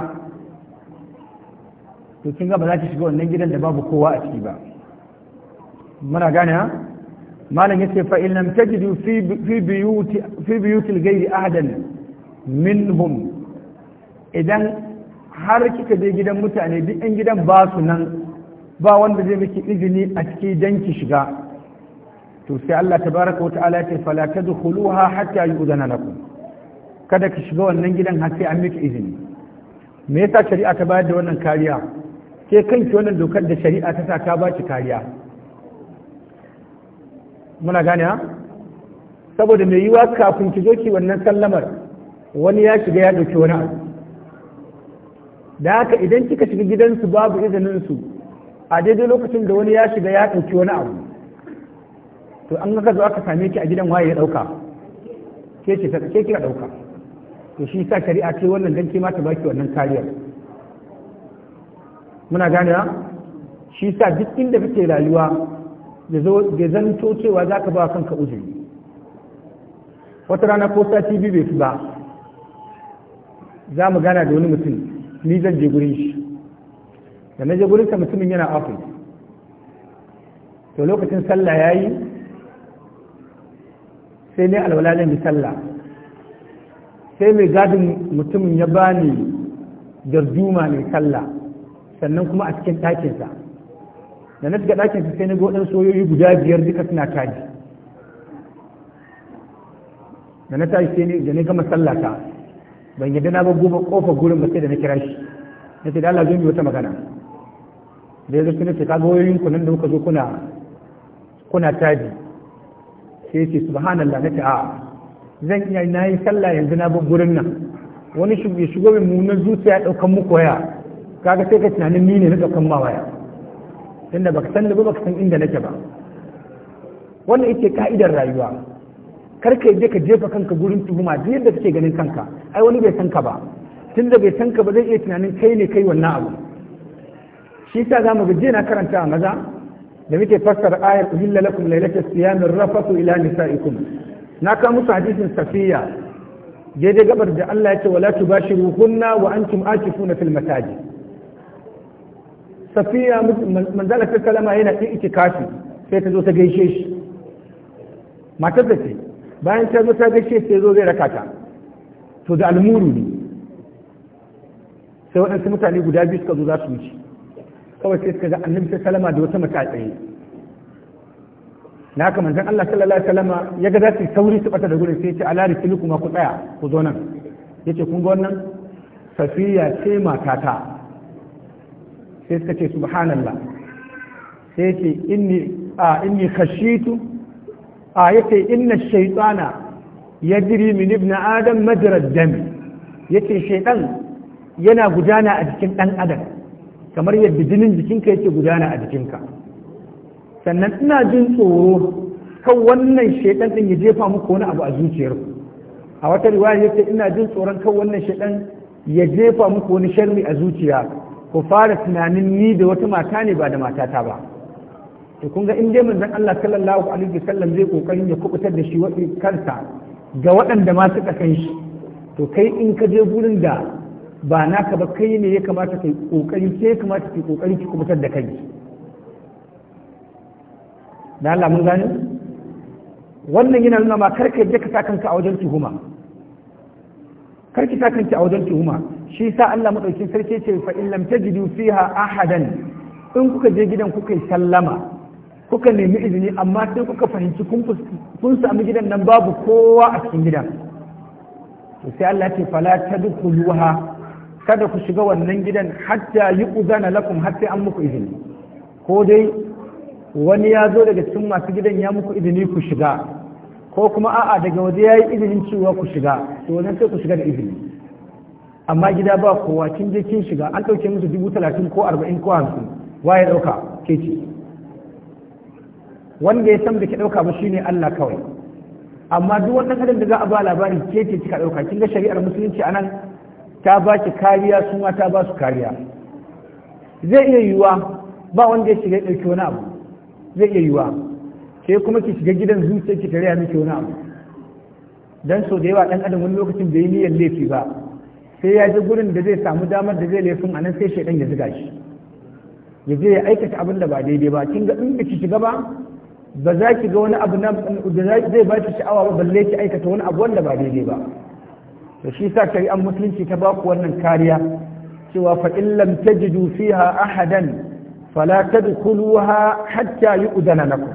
to kin ga ba za ki shiga wannan gidan da babu kowa a ciki ba muna gane ha malam yace fa in lam tajidu fi fi biyuti fi biyuti al-ghayri ahadan minhum idan har kika je gidan mutane duk ɗan gidan ba su nan ba wanda zai miki izini a ciki dan ki shiga to sai Allah tabaraka wa ta'ala ya ce fala tadkhuluha hatta yu'zana lakum kada ki shiga wannan gidan har sai an miki izini me yasa shari'a ta bayar da wannan kariya ke kanki wannan dokar da shari'a ta sa ta ba ki kariya muna gane ha saboda mai yiwa kafin ki zo ki wannan sallamar wani ya shiga ya dauki wani abu da haka idan kika shiga gidansu babu izinin su a daidai lokacin da wani ya shiga ya dauki wani abu to an ga zo aka same ki a gidan waye ya dauka ke ce ta ke kika dauka to shi sa shari'a ce wannan dan ke ma ta baki wannan kariyar muna gane ha shi sa duk inda kake rayuwa ya zanto cewa za ka ba kanka uzuri wata rana ko sati biyu bai fi ba za mu gana da wani mutum ni zan je gurin shi da na je gurin sa mutumin yana ofis to lokacin sallah ya yi sai ne alwala bi sallah sai mai gadin mutumin ya bani darduma mai sallah sannan kuma a cikin ɗakinsa da na shiga ɗakin su sai na waɗansu soyoyi guda biyar duka suna taji da na tashi sai da na gama sallata ban yadda na ba goma kofa gurin ba sai da na kira shi na ce da Allah zo wata magana da yanzu sun ce ka ga wayoyin ku nan da kuka zo kuna kuna taji sai ce subhanallah na ce a zan iya na yi sallah yanzu na ba gurin nan wani shigo mai munar zuciya ɗaukan muku waya kaga sai ka tunanin ni ne na ɗaukan ma waya tunda baka san ba baka san inda nake ba wannan ita ka'idar rayuwa kar ka je ka jefa kanka gurin tuhuma duk yadda kake ganin kanka ai wani bai san ka ba tunda bai san ka ba zai iya tunanin kai ne kai wannan abu shi yasa zamu ga je na karanta a maza da muke fassara ayar illa lakum laylata siyamir rafatu ila nisaikum na ka musu hadisin safiya daidai gabar da Allah ya ce wala hunna wa antum akifuna fil masajid safiya manzala ta kalama yana cin itikafi sai ta zo ta gaishe shi matar da ce bayan ta zo ta gaishe sai zo zai rakata to da almuru ne sai waɗansu mutane guda biyu suka zo za su wuce kawai sai suka ga annabi ta kalama da wata mata tsaye na haka manzan Allah sallallahu alaihi wasallam ya ga za su sauri su bata da gurin sai ya ce ala risulukum ku tsaya ku zo nan yace kun ga wannan safiya ce matata sai suka ce subhanallah sai ce inni a inni khashitu a yace inna shaytana yajri min ibn adam majra dam yace shaytan yana gudana a jikin dan adam kamar yadda jinin jikinka yake gudana a jikinka sannan ina jin tsoro kan wannan shaytan din ya jefa muku wani abu a zuciyarku a wata riwaya yace ina jin tsoron kan wannan shaytan ya jefa muku wani sharmi a zuciya ku fara tunanin ni da wata mata ne ba da matata ba to kun ga in dai manzon Allah sallallahu alaihi wasallam zai kokarin ya kubutar da shi wani kansa ga waɗanda ma suka kan shi to kai in ka je gurin da ba naka ba kai ne ya kamata kai kokari sai ya kamata kai kokari ki kubutar da kai da Allah mun gani wannan yana nuna ma karka je ka sa kanka a wajen tuhuma karki sa kanki a wajen tuhuma shi sa Allah madaukin sarki ce fa in lam tajidu fiha ahadan in kuka je gidan kuka yi sallama kuka nemi izini amma sai kuka fahimci kun sami gidan nan babu kowa a cikin gidan to sai Allah ce fala tadkhuluha kada ku shiga wannan gidan hatta yi uzana lakum har an muku izini ko dai wani ya zo daga cikin masu gidan ya muku izini ku shiga ko kuma a'a daga waje ya yi izinin cewa ku shiga to wannan sai ku shiga da izini amma gida ba kowa kin je kin shiga an ɗauke musu dubu talatin ko arba'in ko hamsin ya ɗauka ke ce wanda ya san da ke ɗauka ba shi ne Allah kawai amma duk wannan adam da za a ba labari ke ce kika ɗauka kin ga shari'ar musulunci anan ta ba ki kariya su ma ta ba su kariya zai iya yiwuwa ba wanda ya shiga ɗauki wani abu zai iya yiwuwa sai kuma ki shiga gidan zuciya ki tare ya miki wani abu dan so da yawa ɗan adam wani lokacin bai yi niyyar laifi ba sai ya ji gurin da zai samu damar da zai laifin a nan sai shaidan ya ziga shi ya je ya aikata abin da ba daidai ba kin ga in ki shiga ba ba za ki ga wani abu da zai ba ki sha'awa ba balle ki aikata wani abu wanda ba daidai ba to shi sa shari'ar musulunci ta ba ku wannan kariya cewa fa in lam tajidu fiha ahadan fala tadkhuluha hatta yu'dana lakum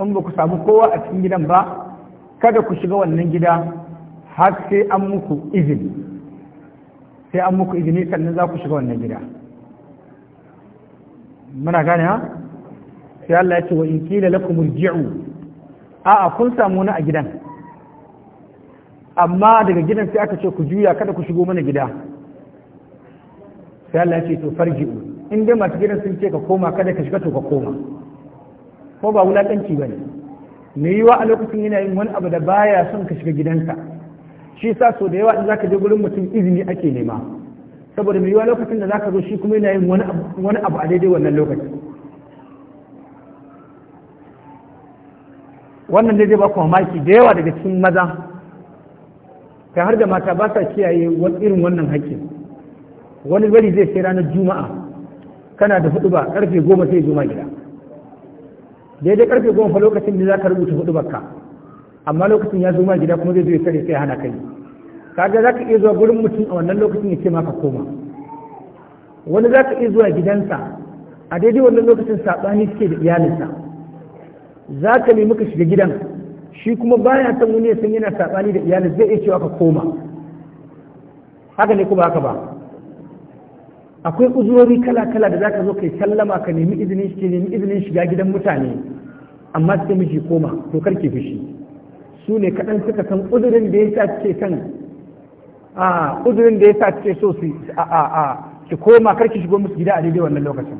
in ba ku samu kowa a cikin gidan ba kada ku shiga wannan gida har sai an muku izini sai an muku izini sannan za ku shiga wannan gida muna gane ha sai Allah ya ce wa in kila lakum irji'u a'a kun samu na a gidan amma daga gidan sai aka ce ku juya kada ku shigo mana gida sai Allah ya ce to farji'u in dai masu gidan sun ce ka koma kada ka shiga to ka koma ko ba wulakanci bane me yiwa a lokacin yana yin wani abu da baya son ka shiga gidanka? shi sa so da yawa in zaka je gurin mutum izini ake nema saboda mai yiwa lokacin da zaka zo shi kuma yana yin wani abu a daidai wannan lokacin wannan ne zai ba ku mamaki da yawa daga cikin maza ta har da mata ba sa kiyaye irin wannan hakki wani gari zai sai ranar juma'a kana da hudu ba karfe goma sai zo gida daidai karfe goma fa lokacin da za ka rubuta hudu ka. amma lokacin ya zo ma gida kuma zai zo ya sare sai hana kai kaga zaka iya zuwa gurin mutum a wannan lokacin ya ce maka koma wani zaka iya zuwa gidansa a daidai wannan lokacin sabani suke da iyalinsa za ka nemi ka shiga gidan shi kuma baya son wani ya san yana sabani da iyalin zai iya cewa ka koma haka ne kuma haka ba akwai uzurori kala-kala da za ka zo kai sallama ka nemi izinin shi nemi izinin shiga gidan mutane amma sai miji koma to karki fushi su ne kaɗan suka san ƙudurin da ya sa cike kan a ƙudurin da ya sa cike so su a a a ki koma kar ki shigo musu gida a daidai wannan lokacin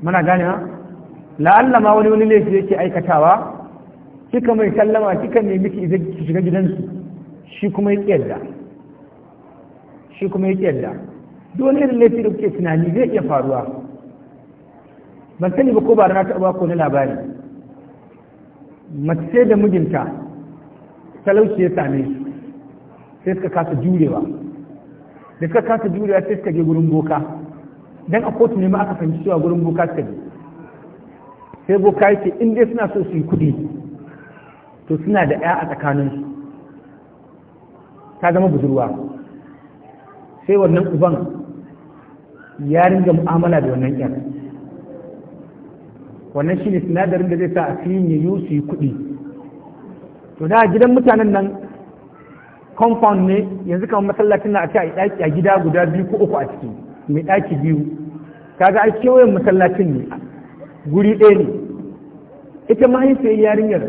muna gane la'alla ma wani wani laifi yake aikatawa kika mai sallama kika ne miki idan ki shiga gidansu shi kuma ya yarda shi kuma ya yarda dole irin laifi da kuke tunani zai iya faruwa ban sani ba ko ba na taɓa ko na labari mace da mijinta talauci ya same su sai suka kasa jurewa da suka kasa jurewa sai suka je gurin boka dan a kotu ne ma aka fahimci cewa gurin boka suka je sai boka yake in dai suna so su yi kuɗi to suna da ɗaya a tsakanin su ta zama budurwa sai wannan uban ya ringa mu'amala da wannan 'yan wannan shi ne sinadarin da zai sa a yi su yi kuɗi to da gidan mutanen nan compound ne yanzu kamar masallacin na a ce a ɗaki a gida guda biyu ko uku a ciki mai ɗaki biyu kaga ai kewayen masallacin ne guri ɗaya ne ita ma sai yarinyar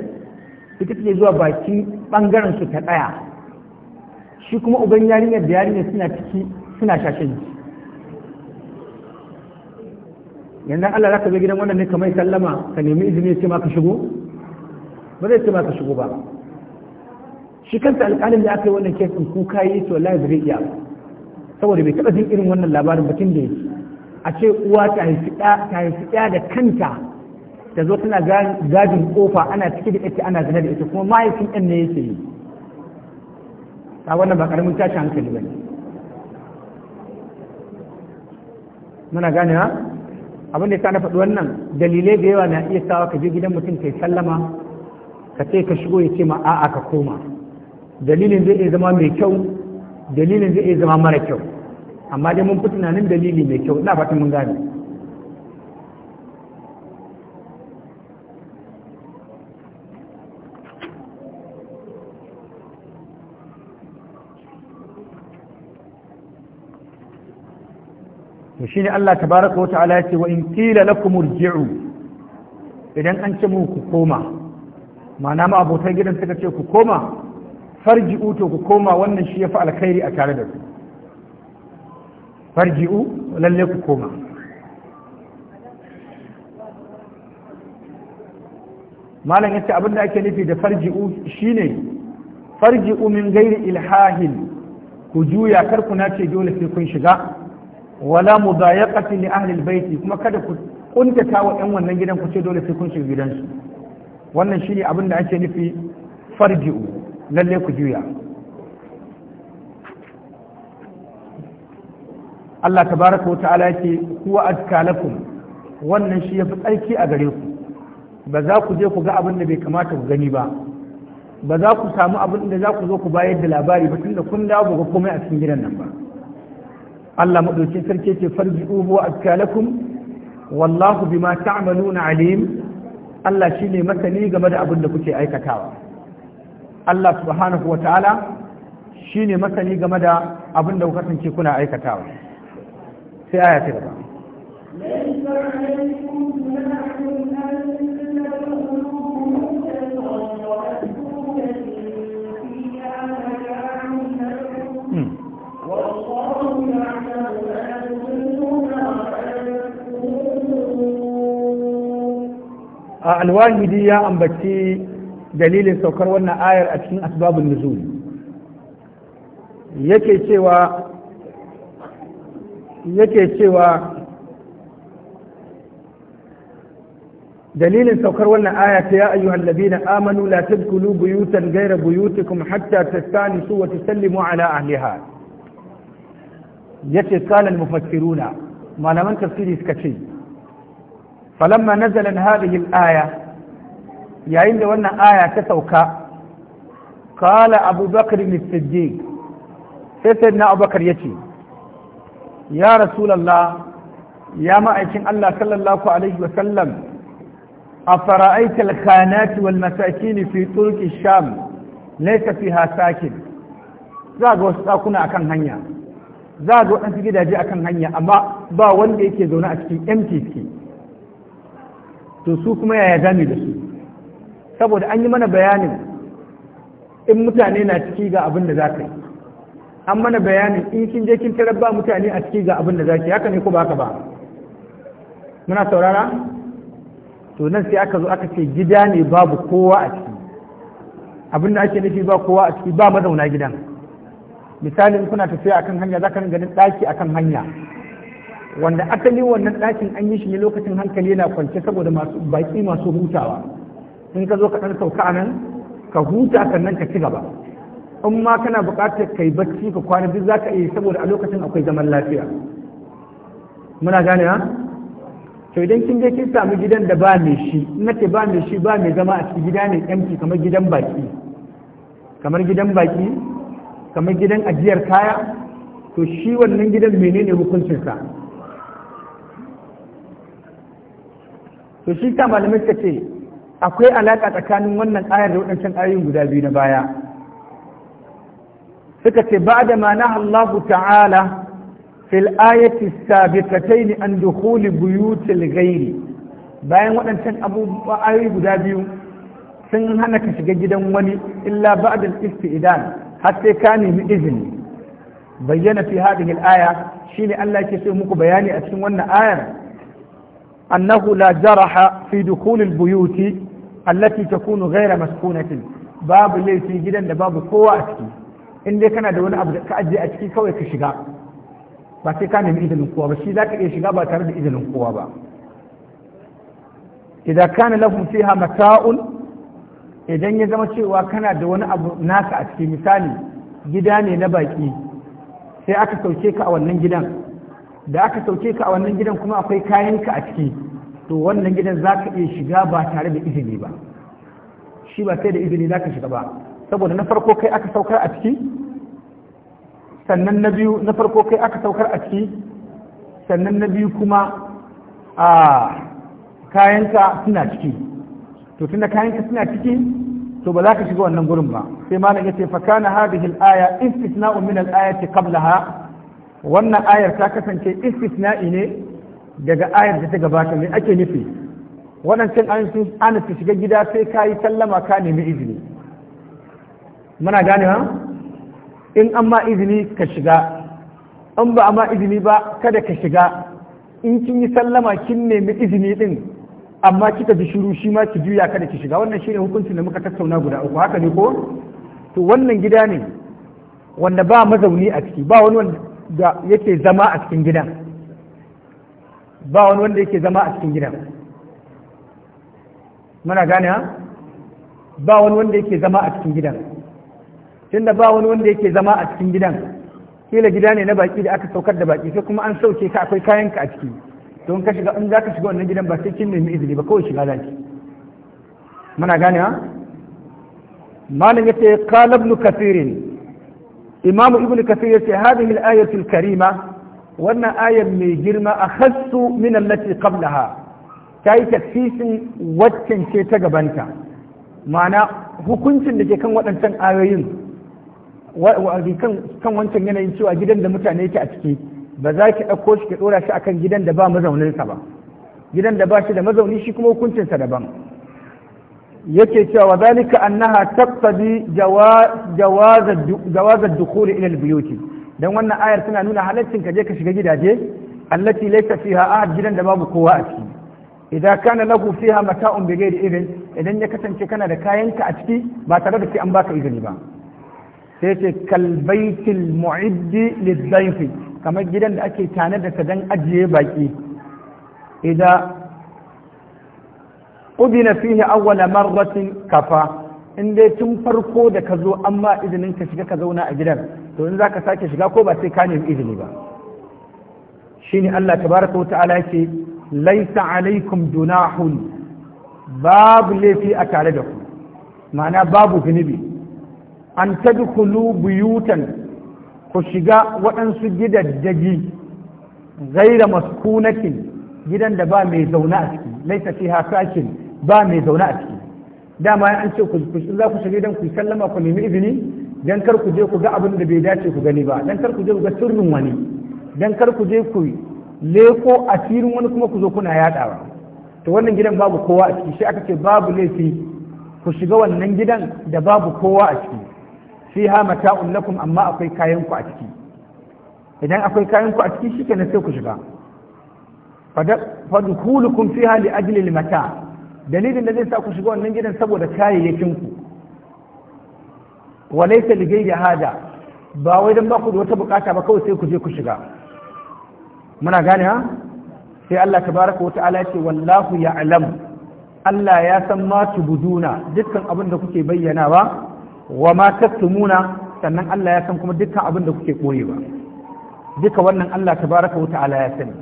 ita take zuwa bakin ɓangaren su ta ɗaya shi kuma uban yarinyar da yarinyar suna ciki suna shashen yanzu Allah zaka zo gidan wannan ne kamar sallama ka nemi izini ya ce ma ka shigo ba zai ce ma ka shigo ba shi kanta alƙalin da aka yi wannan kesin kuka yi to Allah zai iya saboda bai taɓa jin irin wannan labarin ba tunda yake a ce uwa ta haifi ɗaya da kanta ta zo tana gajin kofa ana ciki da ita ana zina da ita kuma mahaifin ɗan ne yake yi ta wannan ba ƙaramin tashi hankali ba ne muna gane ha abin da ka na faɗi wannan dalilai da yawa na iya sawa ka je gidan mutum ka yi sallama ka ce ka shigo ya ce ma a'a ka koma dalilin zai iya zama mai kyau dalilin zai iya zama mara kyau amma dai mun fi tunanin dalili mai kyau ina fatan mun gane shi ne Allah tabaraka wa ta'ala ya ce wa in qila lakum irji'u idan an ce mu ku koma ma'ana ma abotan gidan suka ce ku koma farji'u to ku koma wannan shi yafi alkhairi a tare da ku farji'u lalle ku koma malam yace abin da ake nufi da farji'u shine farji'u min ghairi ilhahin ku juya kar ku nace dole sai kun shiga wala mudayaqati li ahli albayti kuma kada ku ta wa ɗan wannan gidan ku ce dole sai kun shiga gidansu wannan shine abin da ake nufi farji'u lalle ku juya Allah wa wata'ala yake huwa azkalakum wannan shi yafi tsarki a gare ku ba za ku je ku ga abin da bai kamata ku gani ba ba za ku samu abin da za ku zo ku bayar da labari ba tunda kun dawo ba komai a cikin gidan nan ba Allah madaukin sarki ce farji'uhu wa askalakum wallahu bima ta'maluna alim Allah ne masani game da abin da kuke aikatawa Allah subhanahu wataala ne masani game da abin da kuka kasance kuna aikatawa sai aya ta gaba a alwahidi ya ambaci dalilin saukar wannan ayar a cikin asbabun nuzul yake cewa yake cewa dalilin saukar wannan aya ta ya ayyuhal ladina amanu la tadkhulu buyutan ghayra buyutikum hatta tastanisu wa tusallimu ala ahliha yace kana al-mufassiruna malaman tafsiri suka ce falamma nazalan hadhihi al-aya yayin da wannan aya ta sauka Kala Abubakar Bakr as-Siddiq sai sayyidina Abu Bakr yace ya rasulullah ya ma'aikin Allah sallallahu alaihi wa sallam أفرأيت الخانات Sham في طرق الشام ليس فيها ساكن ga wasu ɗakuna akan hanya za ga waɗansu gidaje akan hanya amma ba wanda yake zaune a cikin empty to su kuma yaya zami da su saboda an yi mana bayanin in mutane na ciki ga abin da za ka yi an mana bayanin in kin je kin tarar ba mutane a ciki ga abin da za yi haka ne ko ba ka ba muna saurara to nan sai aka zo aka ce gida ne babu kowa a ciki abin da ake nufi ba kowa a ciki ba mazauna gidan misali in kuna tafiya akan hanya za ka ganin ɗaki akan hanya wanda asalin wannan ɗakin an yi shi ne lokacin hankali yana kwance saboda masu baƙi masu hutawa in ka zo ka ɗan sauka a nan ka huta sannan ka ci gaba in ma kana buƙatar kai bacci ka kwana duk za ka iya saboda a lokacin akwai zaman lafiya muna gane ha to idan kin je kin samu gidan da ba mai shi na ce ba mai shi ba mai zama a cikin gida ne yanki kamar gidan baki kamar gidan baki kamar gidan ajiyar kaya to shi wannan gidan menene hukuncinsa to shi ta malamai suka ce akwai alaƙa tsakanin wannan ayar da waɗancan ayoyin guda biyu na baya suka ce ba da mana Allah ta'ala fil ayati sabiqatayn an dukhuli buyutil ghairi bayan waɗancan abubuwa ayoyi guda biyu sun hana ka shiga gidan wani illa ba'da al-istidan har sai ka nemi izini bayyana fi hadhihi al-aya shine Allah yake so muku bayani a cikin wannan ayar أنه لا جرح في دخول البيوت التي تكون غير مسكونة باب ليس جدا لباب قوة أتكي إن دي كان دون أبدا كأجي أتكي كوي كشغا بس كان من إذن القوة بشي ذاك إشغا بترد إذن القوة با إذا كان لهم فيها متاع idan ya zama cewa kana da wani abu naka a cikin misali gida ne na baki sai aka sauke ka a wannan gidan da aka sauke ka a wannan gidan kuma akwai kayanka a ciki to wannan gidan za ka iya shiga ba tare da izini ba shi ba sai da izini za ka shiga ba saboda na farko kai aka saukar a ciki sannan na biyu na farko kai aka saukar a ciki sannan na biyu kuma a kayanka suna ciki to tunda kayanka suna ciki to ba za ka shiga wannan gurin ba sai malam yace fa kana hadhihi al-aya istisna'un min al-ayati qablaha wannan ayar ta kasance istisna'i ne daga ayar da ta gabata me ake nufi waɗancan an sun ana su shiga gida sai ka yi sallama ka nemi izini muna gane ha in an ma izini ka shiga in ba a ma izini ba kada ka shiga in kin yi sallama kin nemi izini din amma kika ji shiru shi ma ki juya kada ki shiga wannan shine hukuncin da muka tattauna guda uku haka ne ko to wannan gida ne wanda ba mazauni a ciki ba wani da yake zama a cikin gidan ba wani wanda yake zama a cikin gidan mana gane ha ba wani wanda yake zama a cikin gidan tunda ba wani wanda yake zama a cikin gidan kila gida ne na baki da aka saukar da baki sai kuma an sauke ka akwai kayanka a ciki don ka shiga in za ka shiga wannan gidan ba sai kin nemi izini ba kawai shiga zaki mana gane ha malam yace qala ibn kathirin imamu ibn Kafir yace hadhihi al-ayatu al-karima wannan ayar mai girma a khassu min allati qablaha ta yi tafsirin waccan ce ta gabanta ma'ana hukuncin da ke kan waɗancan ayoyin kan wancan yanayin cewa gidan da mutane yake a ciki ba za ki ɗauko shi ki ɗora shi akan gidan da ba mazauninsa ba gidan da ba shi da mazauni shi kuma hukuncinsa daban yake cewa zalika annaha taqtadi jawaz ad-dukhul ila al dan wannan ayar tana nuna halaccin ka je ka shiga gidaje allati laysa fiha ahad gidan da babu kowa a ciki idan kana lahu fiha mata'un bi ghairi idin idan ya kasance kana da kayanka a ciki ba tare da an baka izini ba sai ce kal baitil mu'idd lidhayfi kamar gidan da ake tanada ta dan ajiye baki idan udina fihi awwala marratin kafa in dai tun farko da ka zo an izinin ka shiga ka zauna a gidan to in zaka sake shiga ko ba sai ka nemi izini ba shine Allah tabaraka wa ta'ala yake laisa alaikum juna junahun babu laifi a tare da ku ma'ana babu zunubi an tadkhulu buyutan ku shiga waɗansu gidaddaji gaira maskunakin gidan da ba mai zaune a ciki laisa fiha sakin ba mai zaune a ciki dama an ce ku za ku shiga dan ku sallama ku nemi izini dan kar ku je ku ga abin da bai dace ku gani ba dan kar ku je ku ga sirrin wani dan kar ku je ku leko asirin wani kuma ku zo kuna yadawa to wannan gidan babu kowa a ciki shi aka ce babu laifi ku shiga wannan gidan da babu kowa a ciki fi ha mata'un lakum amma akwai kayan ku a ciki idan akwai kayan ku a ciki shikenan sai ku shiga fadkhulukum fiha li ajli al-mata' dalilin da zai sa ku shiga wannan gidan saboda kayayyakin ku walaita ligai da hada ba wai don ba ku da wata bukata ba kawai sai ku je ku shiga muna gane ha sai Allah baraka wa ta'ala ce wallahu ya'lam Allah ya san ma tubuduna dukkan abin da kuke bayyanawa wa ma tattumuna sannan Allah ya san kuma dukkan abin da kuke koyewa duka wannan Allah tabaraka wa ta'ala ya sani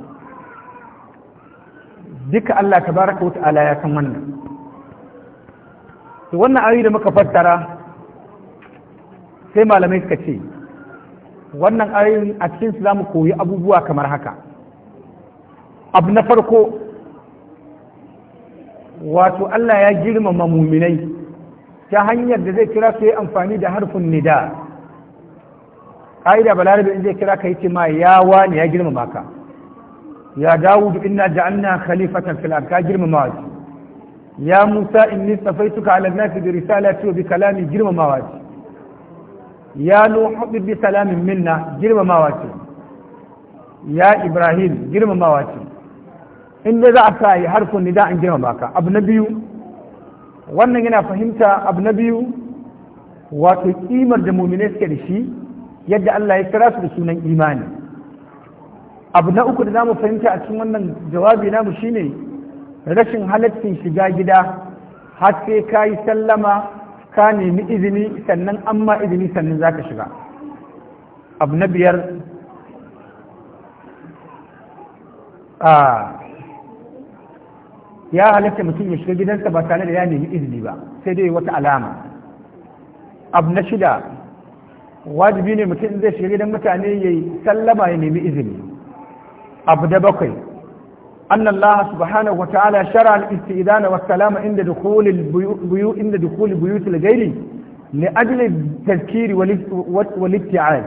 duka Allah baraka baraka ala ya san wannan to wannan ayoyi da muka fassara sai malamai suka ce wannan ayoyin a cikin su mu koyi abubuwa kamar haka abu na farko wato Allah ya girmama muminai ta hanyar da zai kira su yi amfani da harfin nida ƙa'ida balarabe in zai kira ka yi ce ma ya wani ya girmama ka ya dawud inna ja'alna khalifatan fil ard ka girmamawa ce ya musa inni safaituka ala nasi bi risalati wa bi kalami girmamawa ce ya nuhu bi salamin minna girmamawa ce ya ibrahim girmamawa ce inda za a sa yi harfin nida an girmama ka abu na biyu wannan yana fahimta abu na biyu wato kimar da mumine suke da shi yadda Allah ya kira su da sunan imani abu na uku da za mu fahimta a cikin wannan jawabi namu shine rashin halaccin shiga gida har sai ka yi sallama ka nemi izini sannan an ma izini sannan za ka shiga abu na biyar ya halatta mutum ya shiga gidansa ba tare da ya nemi izini ba sai dai wata alama abu na shida wajibi ne mutum zai shiga gidan mutane ya yi sallama ya nemi izini abu da bakwai أن الله سبحانه وتعالى شرع الاستئذان والسلام عند دخول البيوت عند دخول بيوت الغير لأجل التذكير والابتعاد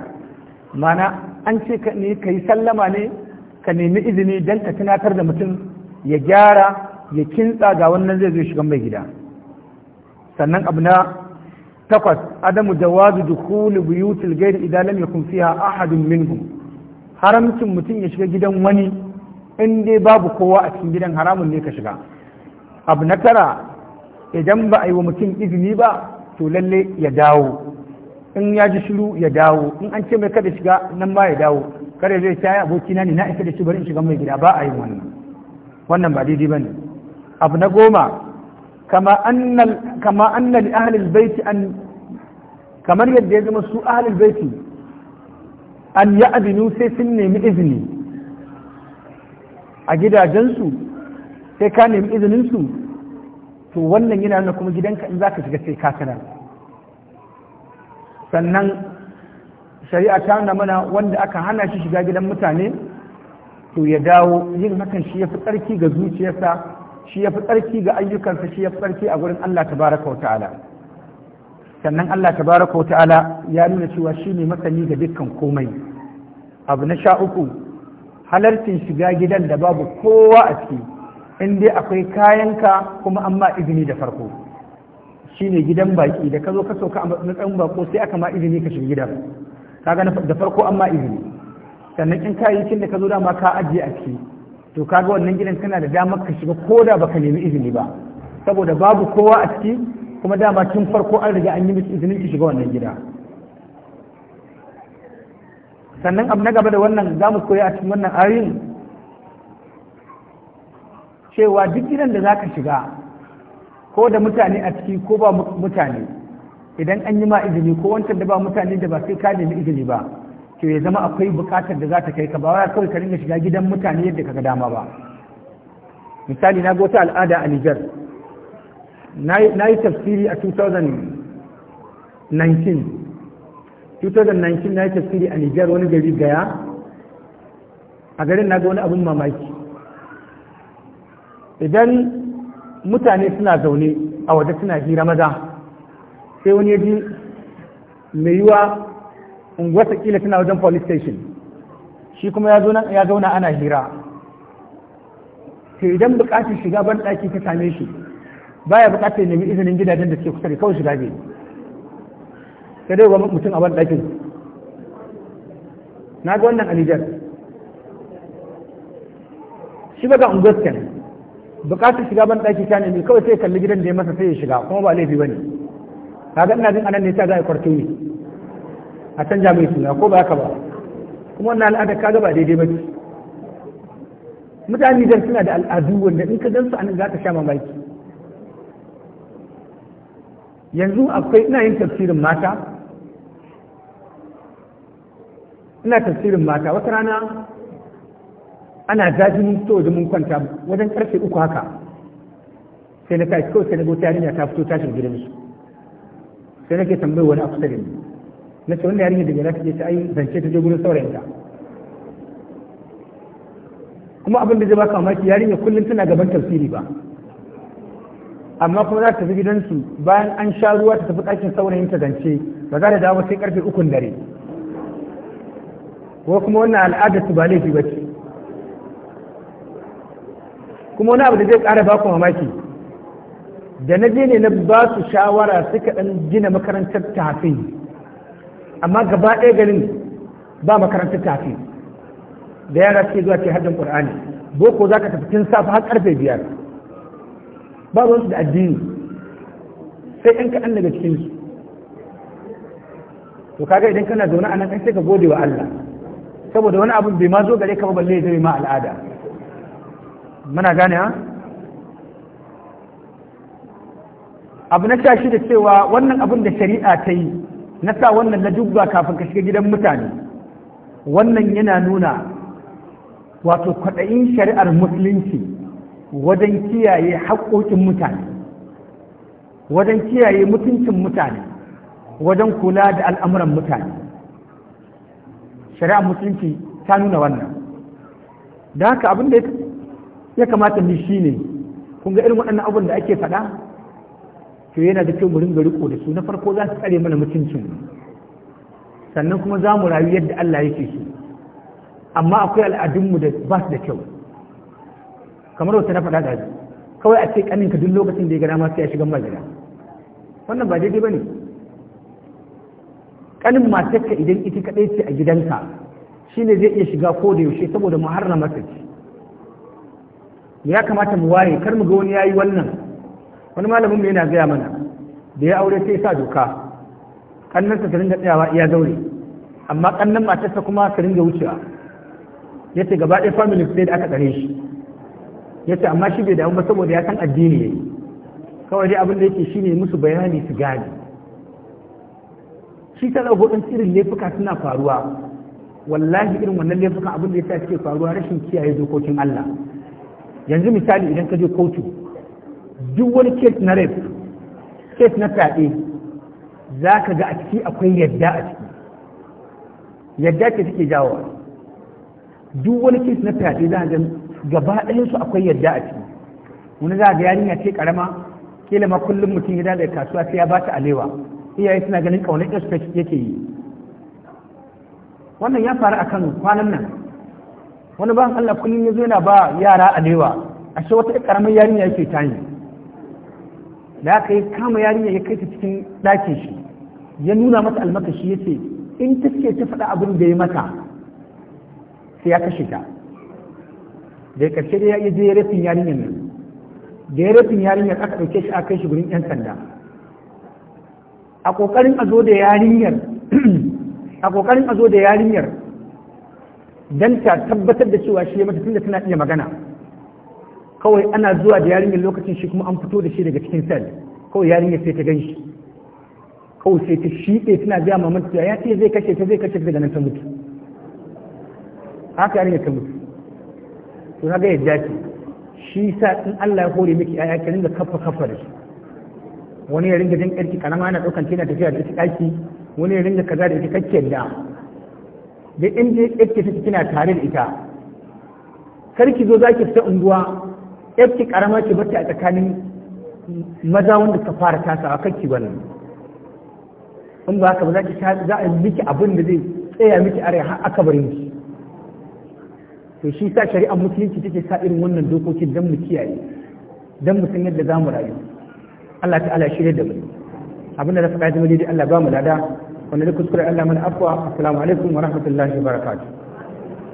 معنى أنت كي سلم عليه ka nemi izini don ka tunatar da mutum ya gyara ya kintsa ga wannan zai zo shiga mai gida sannan abu na takwas adamu jawazu dukhul buyutil idan lam yakun fiha ahadun minhum haramcin mutum ya shiga gidan wani in dai babu kowa a cikin gidan haramun ne ka shiga abu na tara idan ba a yi wa mutum izini ba to lalle ya dawo in ya ji shiru ya dawo in an ce mai kada shiga nan ba ya dawo kada zai ta yi abokina ne na isa da shi bari in shiga mai gida ba a yi wannan wannan ba daidai ba ne abu na goma kama annal ahlul bait an kamar yadda ya zama su ahlul baiti an yi adinu sai sun nemi izini a gidajensu sai ka nemi izininsu to wannan yana nuna kuma gidanka in za ka shiga sai ka sannan shari'a ta nuna mana wanda aka hana shi shiga gidan mutane to ya dawo yin hakan shi ya fi tsarki ga zuciyarsa shi ya fi tsarki ga ayyukansa shi ya fi tsarki a gurin Allah ta baraka wa ta'ala sannan Allah baraka wa ta'ala ya nuna cewa shi ne masani ga dukkan komai abu na sha uku halartin shiga gidan da babu kowa a ciki in akwai kayanka kuma an ma izini da farko shi ne gidan baki da ka zo ka sauka a matsayin bako sai aka ma izini ka shiga gidan Ka ga da farko an ma izini sannan in kayayyakin da ka zo dama ka ajiye a ciki to ga wannan gidan kana da damar ka shiga ko da baka nemi izini ba saboda babu kowa a ciki kuma dama tun farko an riga an yi miki izinin ki shiga wannan gida sannan abu na gaba da wannan za mu koya a cikin wannan ayin cewa duk gidan da za ka shiga ko da mutane a ciki ko ba mutane idan an yi ma izini ko wancan da ba mutane da ba sai ka nemi izini ba to ya zama akwai bukatar da za ta kai ka ba wa kawai ka ringa shiga gidan mutane yadda ka ga dama ba misali na ga wata al'ada a Nijar na yi tafsiri a 2019 2019 na yi tafsiri a nijar wani gari gaya a garin na ga wani abin mamaki idan mutane suna zaune a waje suna hira maza sai wani yaji mai yiwa unguwar kila tana wajen police station shi kuma ya zauna ana hira sai idan bukatar shiga ban ɗaki ta same shi baya bukatar nemi izinin gidajen da ke kusa da kawai shiga bai sai dai gwamnati mutum a ban ɗakin na ga wannan alijar shi ba ga ungoskan bukatar shiga ban ɗaki ta nemi kawai sai kalli gidan da ya masa sai ya shiga kuma ba laifi ba ne kaga ina jin anan ne ta za a kwarto ne a canja mai suna ko ba haka ba kuma wannan al'ada kaga ba daidai ba ce mutane da suna da al'adu wanda in ka gan su anan za ka sha mamaki yanzu akwai ina yin tafsirin mata ina tafsirin mata wata rana ana zafi mun fito wajen mun kwanta wajen karfe uku haka sai na kai kawai sai na gota yarinya ta fito tashin gidan su sai nake tambayar wani a kusa da ni na ce wanda yarinya daga rafi ta ai zance ta je gurin saurayinta kuma abin da zai baka mamaki yarinya kullum tana gaban tafsiri ba amma kuma za ta tafi gidansu bayan an sha ruwa ta tafi ɗakin saurayin ta tagance ba za ta dawo sai karfe ukun dare ko kuma wannan al'adar su ba laifi ba ce kuma wani abu da zai ƙara baku mamaki da na je ne na ba su shawara suka ɗan gina makarantar tafi amma gaba ɗaya garin ba makarantar tafi da yara suke zuwa ke haddin ƙur'ani boko za ka tafi tun safa har ƙarfe biyar babu wasu da addini sai ɗan kaɗan daga cikinsu to kaga idan kana zaune a nan kai sai ka gode wa Allah saboda wani abin bai ma zo gare ka ba balle ya zai ma al'ada muna gane ha abu na sha da cewa wannan abin da shari'a ta yi na sa wannan lajubba kafin ka shiga gidan mutane wannan yana nuna wato kwaɗayin shari'ar musulunci wajen kiyaye haƙoƙin mutane wajen kiyaye mutuncin mutane wajen kula da al'amuran mutane shari'ar mutunci ta nuna wannan da haka abin da ya kamata mu shi ne kun ga irin waɗannan abin da ake faɗa to yana da kyau mu ringa riko da su na farko za su tsare mana mutuncin sannan kuma za mu rayu yadda Allah yake so amma akwai al'adunmu da ba su da kyau kamar wata na faɗa da su kawai a ce kaninka duk lokacin da ya gada masu ya shigan majina wannan ba daidai ba ne kanin matarka idan ita kaɗai ce a gidanka shi ne zai iya shiga ko da yaushe saboda mu harna masa ya kamata mu waye kar mu ga wani yayi wannan wani malamin mu yana gaya mana da ya aure sai sa doka kannansa ta ringa tsayawa iya zaure amma kannan matarsa kuma ta ringa wucewa ya ce gaba ɗaya family sai da aka tsare shi ya ce amma shi bai damu ba saboda ya san addini ne kawai dai abin da yake shi ne musu bayani su gane shi ta ɗauko ɗin irin laifuka suna faruwa wallahi irin wannan laifukan abin da ya sa suke faruwa rashin kiyaye dokokin Allah yanzu misali idan ka je kotu duk wani kes na rape kes na fyaɗe za ka ga a ciki akwai yadda a ciki yadda ce take jawo duk wani kes na fyaɗe za a gaba ɗayan su akwai yadda a ciki wani za ga yarinya ce karama kila ma kullum mutum ya daga kasuwa sai ya ba ta alewa iyaye suna ganin kaunar ɗansu yake yi wannan ya faru akan kwanan nan wani ban Allah kullum ya zo yana ba yara alewa ashe wata karamar yarinya yake ta yi da aka yi kama yarinya ya kai ta cikin ɗakin shi ya nuna mata almakashi ya ce in ta ce ta faɗa abin da ya mata sai ya kashe ta da karshe da ya je rafin yarinyar nan da ya rafin yarinyar aka ɗauke shi a kai shi gurin 'yan sanda a ƙoƙarin a zo da yarinyar a ƙoƙarin a zo da yarinyar don ta tabbatar da cewa shi ya mata tunda tana iya magana kawai ana zuwa da yarinyar lokacin shi kuma an fito da shi daga cikin sel kawai yarinyar sai ta gan shi kawai sai ta shiɗe tana biya mamanta ya ce zai kashe ta zai kashe daga nan ta mutu haka yarinyar ta mutu to kaga ya jaki shi sa in Allah ya hore miki ƴaƴa ka ringa kafa kafa da shi wani ya ringa jin ƙarfi karama yana ɗaukan kina tafiya da ita ɗaki wani ya ringa kaza da ita kake yadda da in dai ƙarfi take kina tare da ita kar ki zo zaki fita unguwa ƙarfi karama ki bata a tsakanin maza wanda ka fara tasawa kakki nan in ba haka ba za ki za a miki abin da zai tsaya miki are har aka bari miki to shi sa shari'ar musulunci take sa irin wannan dokokin don mu kiyaye don mu san yadda za mu rayu Allah ta'ala shirya da mu abin da na faɗa zama daidai Allah ba mu lada wanda da kuskure Allah mana afwa assalamu alaikum wa rahmatullahi wa barakatuh